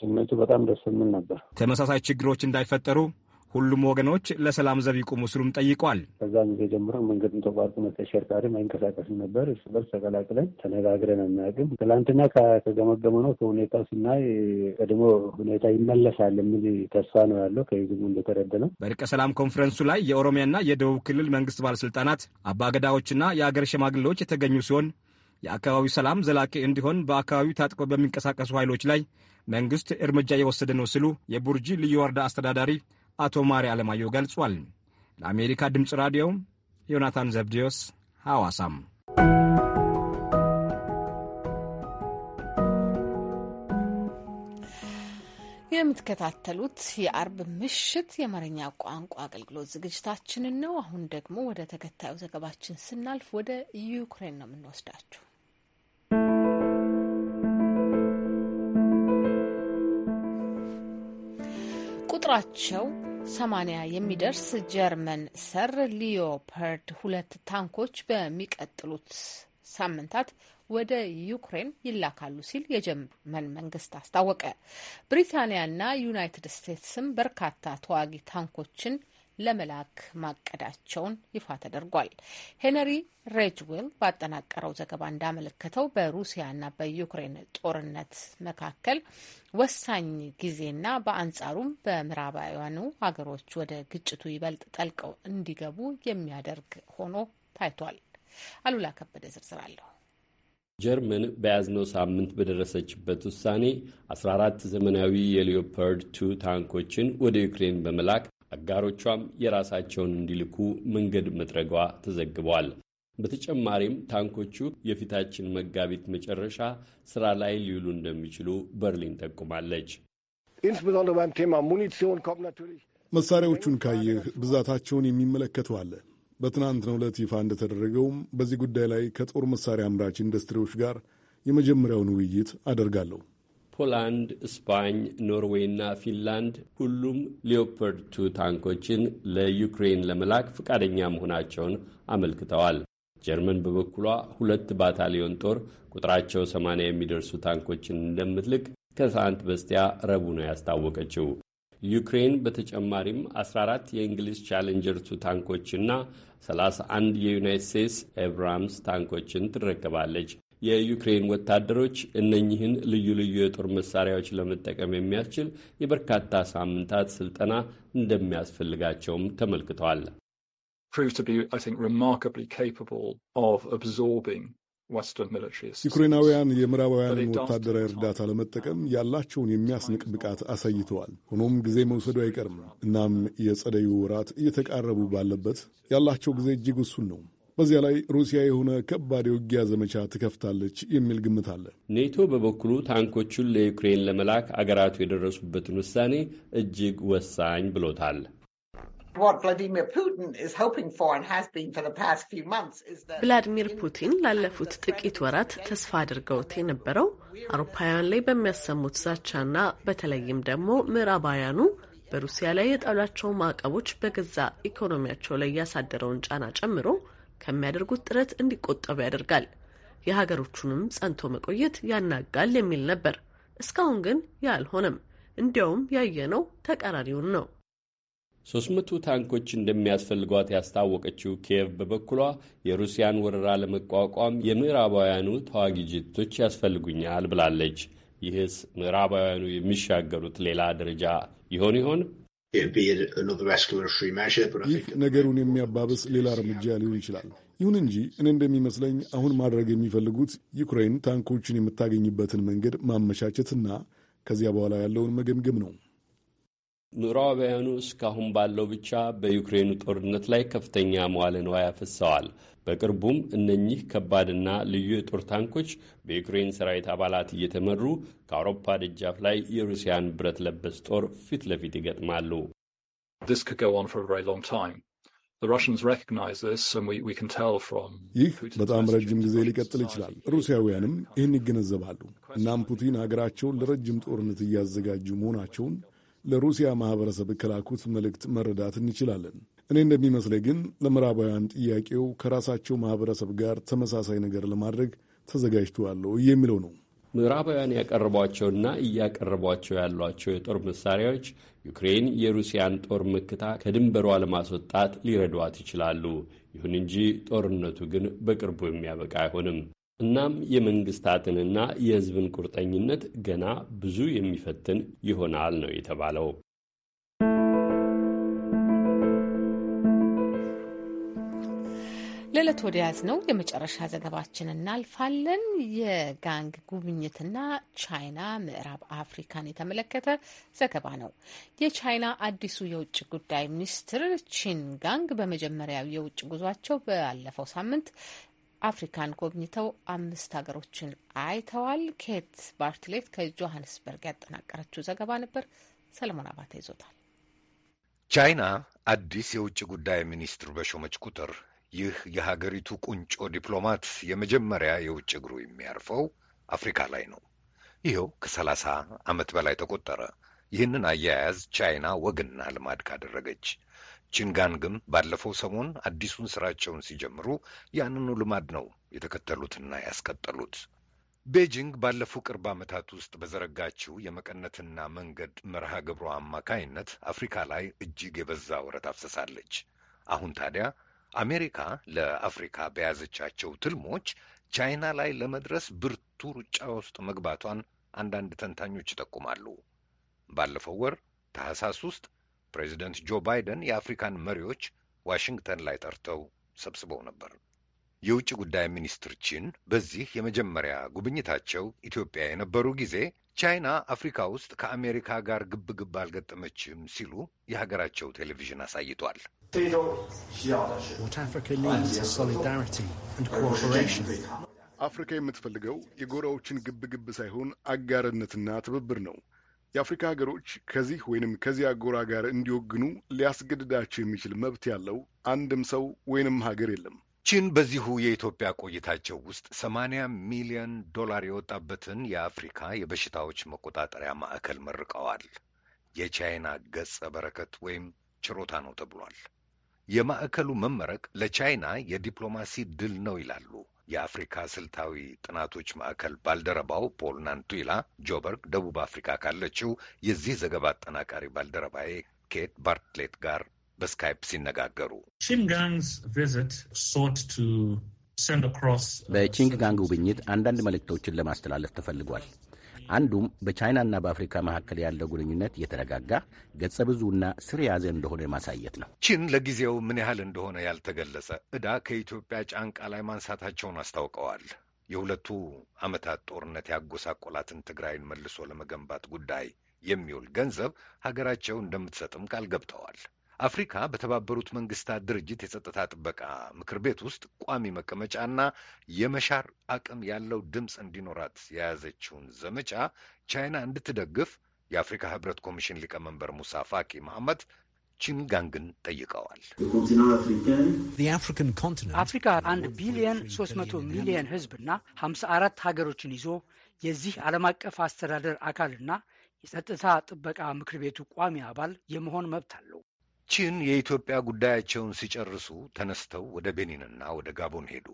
ስሜቱ በጣም ደስ የሚል ነበር። ተመሳሳይ ችግሮች እንዳይፈጠሩ ሁሉም ወገኖች ለሰላም ዘብ ይቁሙ ሲሉም ጠይቋል። ከዛም ጊዜ ጀምሮ መንገድ ተቋርጦ ተሽከርካሪም አይንቀሳቀስም ነበር። እርስ በርስ ተቀላቅለን ተነጋግረን አናውቅም። ትላንትና ከገመገመ ነው ከሁኔታ ስናይ ቀድሞ ሁኔታ ይመለሳል የሚል ተስፋ ነው ያለው ከህዝቡ እንደተረደ ነው። በእርቀ ሰላም ኮንፈረንሱ ላይ የኦሮሚያና የደቡብ ክልል መንግስት ባለስልጣናት አባገዳዎችና የአገር ሽማግሌዎች የተገኙ ሲሆን የአካባቢው ሰላም ዘላቂ እንዲሆን በአካባቢው ታጥቆ በሚንቀሳቀሱ ኃይሎች ላይ መንግስት እርምጃ የወሰደ ነው ሲሉ የቡርጂ ልዩ ወረዳ አስተዳዳሪ አቶ ማሪ አለማየሁ ገልጿል። ለአሜሪካ ድምፅ ራዲዮ ዮናታን ዘብዲዮስ ሐዋሳም የምትከታተሉት የአርብ ምሽት የአማርኛ ቋንቋ አገልግሎት ዝግጅታችንን ነው። አሁን ደግሞ ወደ ተከታዩ ዘገባችን ስናልፍ ወደ ዩክሬን ነው የምንወስዳችሁ። ቁጥራቸው ሰማንያ የሚደርስ ጀርመን ሰር ሊዮፐርድ ሁለት ታንኮች በሚቀጥሉት ሳምንታት ወደ ዩክሬን ይላካሉ ሲል የጀርመን መንግስት አስታወቀ። ብሪታንያና ዩናይትድ ስቴትስም በርካታ ተዋጊ ታንኮችን ለመላክ ማቀዳቸውን ይፋ ተደርጓል። ሄነሪ ሬጅዌል ባጠናቀረው ዘገባ እንዳመለከተው በሩሲያና በዩክሬን ጦርነት መካከል ወሳኝ ጊዜና በአንጻሩም በምዕራባውያኑ ሀገሮች ወደ ግጭቱ ይበልጥ ጠልቀው እንዲገቡ የሚያደርግ ሆኖ ታይቷል። አሉላ ከበደ ዝርዝር አለሁ። ጀርመን በያዝነው ሳምንት በደረሰችበት ውሳኔ 14 ዘመናዊ የሊዮፐርድ ቱ ታንኮችን ወደ ዩክሬን በመላክ አጋሮቿም የራሳቸውን እንዲልኩ መንገድ መጥረጓ ተዘግቧል። በተጨማሪም ታንኮቹ የፊታችን መጋቢት መጨረሻ ስራ ላይ ሊውሉ እንደሚችሉ በርሊን ጠቁማለች። መሳሪያዎቹን ካየህ ብዛታቸውን የሚመለከተው አለ። በትናንትናው ዕለት ይፋ እንደተደረገውም በዚህ ጉዳይ ላይ ከጦር መሳሪያ አምራች ኢንዱስትሪዎች ጋር የመጀመሪያውን ውይይት አደርጋለሁ። ሆላንድ፣ ስፓኝ፣ ኖርዌይ እና ፊንላንድ ሁሉም ሊዮፐርድ ቱ ታንኮችን ለዩክሬን ለመላክ ፈቃደኛ መሆናቸውን አመልክተዋል። ጀርመን በበኩሏ ሁለት ባታሊዮን ጦር ቁጥራቸው 80 የሚደርሱ ታንኮችን እንደምትልክ ከትናንት በስቲያ ረቡዕ ነው ያስታወቀችው። ዩክሬን በተጨማሪም 14 የእንግሊዝ ቻሌንጀር ቱ ታንኮችና 31 የዩናይት ስቴትስ ኤብራምስ ታንኮችን ትረከባለች። የዩክሬን ወታደሮች እነኚህን ልዩ ልዩ የጦር መሳሪያዎች ለመጠቀም የሚያስችል የበርካታ ሳምንታት ስልጠና እንደሚያስፈልጋቸውም ተመልክተዋል። ዩክሬናውያን የምዕራባውያንን ወታደራዊ እርዳታ ለመጠቀም ያላቸውን የሚያስንቅ ብቃት አሳይተዋል። ሆኖም ጊዜ መውሰዱ አይቀርም። እናም የጸደዩ ወራት እየተቃረቡ ባለበት ያላቸው ጊዜ እጅግ ውሱን ነው። በዚያ ላይ ሩሲያ የሆነ ከባድ የውጊያ ዘመቻ ትከፍታለች የሚል ግምት አለ። ኔቶ በበኩሉ ታንኮቹን ለዩክሬን ለመላክ አገራቱ የደረሱበትን ውሳኔ እጅግ ወሳኝ ብሎታል። ቭላዲሚር ፑቲን ላለፉት ጥቂት ወራት ተስፋ አድርገውት የነበረው አውሮፓውያን ላይ በሚያሰሙት ዛቻና በተለይም ደግሞ ምዕራባውያኑ በሩሲያ ላይ የጣሏቸው ማዕቀቦች በገዛ ኢኮኖሚያቸው ላይ ያሳደረውን ጫና ጨምሮ ከሚያደርጉት ጥረት እንዲቆጠቡ ያደርጋል፣ የሀገሮቹንም ጸንቶ መቆየት ያናጋል የሚል ነበር። እስካሁን ግን ያልሆነም፣ እንዲያውም ያየነው ተቃራኒውን ነው። ሶስት መቶ ታንኮች እንደሚያስፈልጓት ያስታወቀችው ኪየቭ በበኩሏ የሩሲያን ወረራ ለመቋቋም የምዕራባውያኑ ተዋጊ ጀቶች ያስፈልጉኛል ብላለች። ይህስ ምዕራባውያኑ የሚሻገሩት ሌላ ደረጃ ይሆን ይሆን? ይህ ነገሩን የሚያባብስ ሌላ እርምጃ ሊሆን ይችላል። ይሁን እንጂ እኔ እንደሚመስለኝ አሁን ማድረግ የሚፈልጉት ዩክሬን ታንኮችን የምታገኝበትን መንገድ ማመቻቸትና ከዚያ በኋላ ያለውን መገምገም ነው። ምዕራባውያኑ እስካሁን ባለው ብቻ በዩክሬኑ ጦርነት ላይ ከፍተኛ መዋለ ንዋይ ያፈሰዋል። በቅርቡም እነኚህ ከባድና ልዩ የጦር ታንኮች በዩክሬን ሰራዊት አባላት እየተመሩ ከአውሮፓ ደጃፍ ላይ የሩሲያን ብረት ለበስ ጦር ፊት ለፊት ይገጥማሉ። ይህ በጣም ረጅም ጊዜ ሊቀጥል ይችላል። ሩሲያውያንም ይህን ይገነዘባሉ። እናም ፑቲን ሀገራቸውን ለረጅም ጦርነት እያዘጋጁ መሆናቸውን ለሩሲያ ማህበረሰብ ከላኩት መልእክት መረዳት እንችላለን። እኔ እንደሚመስለኝ ግን ለምዕራባውያን ጥያቄው ከራሳቸው ማህበረሰብ ጋር ተመሳሳይ ነገር ለማድረግ ተዘጋጅተዋለሁ የሚለው ነው። ምዕራባውያን ያቀረቧቸውና እያቀረቧቸው ያሏቸው የጦር መሳሪያዎች ዩክሬን የሩሲያን ጦር መክታ ከድንበሯ ለማስወጣት ሊረዷት ይችላሉ። ይሁን እንጂ ጦርነቱ ግን በቅርቡ የሚያበቃ አይሆንም። እናም የመንግስታትንና የህዝብን ቁርጠኝነት ገና ብዙ የሚፈትን ይሆናል ነው የተባለው። ለዕለት ወደ ያዝ ነው የመጨረሻ ዘገባችን እናልፋለን። የጋንግ ጉብኝትና ቻይና ምዕራብ አፍሪካን የተመለከተ ዘገባ ነው። የቻይና አዲሱ የውጭ ጉዳይ ሚኒስትር ቺን ጋንግ በመጀመሪያው የውጭ ጉዟቸው ባለፈው ሳምንት አፍሪካን ጎብኝተው አምስት ሀገሮችን አይተዋል። ኬት ባርትሌት ከጆሀንስበርግ ያጠናቀረችው ዘገባ ነበር። ሰለሞን አባተ ይዞታል። ቻይና አዲስ የውጭ ጉዳይ ሚኒስትር በሾመች ቁጥር ይህ የሀገሪቱ ቁንጮ ዲፕሎማት የመጀመሪያ የውጭ እግሩ የሚያርፈው አፍሪካ ላይ ነው። ይኸው ከሰላሳ ዓመት በላይ ተቆጠረ። ይህንን አያያዝ ቻይና ወግና ልማድ ካደረገች ቺንጋንግም ባለፈው ሰሞን አዲሱን ስራቸውን ሲጀምሩ ያንኑ ልማድ ነው የተከተሉትና ያስቀጠሉት። ቤጂንግ ባለፉ ቅርብ ዓመታት ውስጥ በዘረጋችው የመቀነትና መንገድ መርሃ ግብሮ አማካይነት አፍሪካ ላይ እጅግ የበዛ ወረት አፍሰሳለች። አሁን ታዲያ አሜሪካ ለአፍሪካ በያዘቻቸው ትልሞች ቻይና ላይ ለመድረስ ብርቱ ሩጫ ውስጥ መግባቷን አንዳንድ ተንታኞች ይጠቁማሉ። ባለፈው ወር ታህሳስ ውስጥ ፕሬዚደንት ጆ ባይደን የአፍሪካን መሪዎች ዋሽንግተን ላይ ጠርተው ሰብስበው ነበር። የውጭ ጉዳይ ሚኒስትር ቺን በዚህ የመጀመሪያ ጉብኝታቸው ኢትዮጵያ የነበሩ ጊዜ ቻይና አፍሪካ ውስጥ ከአሜሪካ ጋር ግብግብ አልገጠመችም ሲሉ የሀገራቸው ቴሌቪዥን አሳይቷል። አፍሪካ የምትፈልገው የጎራዎችን ግብግብ ሳይሆን አጋርነትና ትብብር ነው። የአፍሪካ ሀገሮች ከዚህ ወይንም ከዚህ አጎራ ጋር እንዲወግኑ ሊያስገድዳቸው የሚችል መብት ያለው አንድም ሰው ወይንም ሀገር የለም። ቺን በዚሁ የኢትዮጵያ ቆይታቸው ውስጥ ሰማንያ ሚሊዮን ዶላር የወጣበትን የአፍሪካ የበሽታዎች መቆጣጠሪያ ማዕከል መርቀዋል። የቻይና ገጸ በረከት ወይም ችሮታ ነው ተብሏል። የማዕከሉ መመረቅ ለቻይና የዲፕሎማሲ ድል ነው ይላሉ የአፍሪካ ስልታዊ ጥናቶች ማዕከል ባልደረባው ፖል ናንቱላ ጆበርግ ደቡብ አፍሪካ ካለችው የዚህ ዘገባ አጠናቃሪ ባልደረባዬ ኬት ባርትሌት ጋር በስካይፕ ሲነጋገሩ በቺንግ ጋንግ ጉብኝት አንዳንድ መልእክቶችን ለማስተላለፍ ተፈልጓል። አንዱም በቻይናና በአፍሪካ መካከል ያለው ግንኙነት የተረጋጋ ገጸ ብዙና ስር የያዘ እንደሆነ ማሳየት ነው። ቺን ለጊዜው ምን ያህል እንደሆነ ያልተገለጸ ዕዳ ከኢትዮጵያ ጫንቃ ላይ ማንሳታቸውን አስታውቀዋል። የሁለቱ ዓመታት ጦርነት ያጎሳቆላትን ትግራይን መልሶ ለመገንባት ጉዳይ የሚውል ገንዘብ ሀገራቸው እንደምትሰጥም ቃል ገብተዋል። አፍሪካ በተባበሩት መንግስታት ድርጅት የጸጥታ ጥበቃ ምክር ቤት ውስጥ ቋሚ መቀመጫና የመሻር አቅም ያለው ድምፅ እንዲኖራት የያዘችውን ዘመቻ ቻይና እንድትደግፍ የአፍሪካ ህብረት ኮሚሽን ሊቀመንበር ሙሳ ፋኪ መሐመድ ቺንጋንግን ጠይቀዋል። አፍሪካ አንድ ቢሊየን 300 ሚሊየን ህዝብና 54 ሀገሮችን ይዞ የዚህ ዓለም አቀፍ አስተዳደር አካልና የጸጥታ ጥበቃ ምክር ቤቱ ቋሚ አባል የመሆን መብት አለው። ይህችን የኢትዮጵያ ጉዳያቸውን ሲጨርሱ ተነስተው ወደ ቤኒንና ወደ ጋቦን ሄዱ።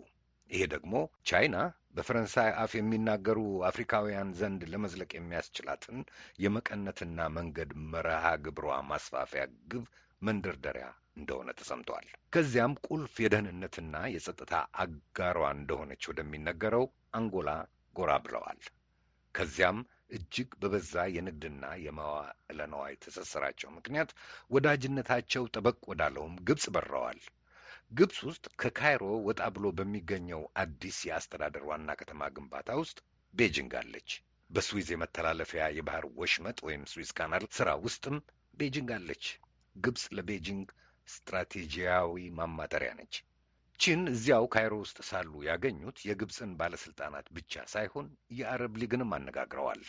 ይሄ ደግሞ ቻይና በፈረንሳይ አፍ የሚናገሩ አፍሪካውያን ዘንድ ለመዝለቅ የሚያስችላትን የመቀነትና መንገድ መርሃ ግብሯ ማስፋፊያ ግብ መንደርደሪያ እንደሆነ ተሰምቷል። ከዚያም ቁልፍ የደህንነትና የጸጥታ አጋሯ እንደሆነች ወደሚነገረው አንጎላ ጎራ ብለዋል። ከዚያም እጅግ በበዛ የንግድና የመዋዕለ ንዋይ ትስስራቸው ምክንያት ወዳጅነታቸው ጠበቅ ወዳለውም ግብፅ በረዋል። ግብፅ ውስጥ ከካይሮ ወጣ ብሎ በሚገኘው አዲስ የአስተዳደር ዋና ከተማ ግንባታ ውስጥ ቤጂንግ አለች። በስዊዝ የመተላለፊያ የባህር ወሽመጥ ወይም ስዊዝ ካናል ስራ ውስጥም ቤጂንግ አለች። ግብፅ ለቤጂንግ ስትራቴጂያዊ ማማጠሪያ ነች። ቺን እዚያው ካይሮ ውስጥ ሳሉ ያገኙት የግብፅን ባለስልጣናት ብቻ ሳይሆን የአረብ ሊግንም አነጋግረዋል።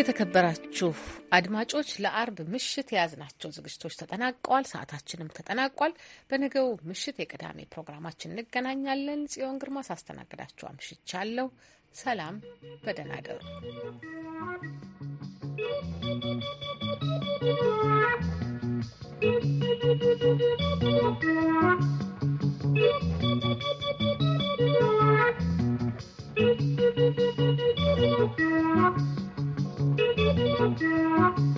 የተከበራችሁ አድማጮች ለአርብ ምሽት የያዝናቸው ዝግጅቶች ተጠናቀዋል። ሰዓታችንም ተጠናቋል። በነገው ምሽት የቅዳሜ ፕሮግራማችን እንገናኛለን። ጽዮን ግርማ ሳስተናግዳችሁ አምሽቻለሁ። ሰላም፣ በደህና እደሩ። Thank you.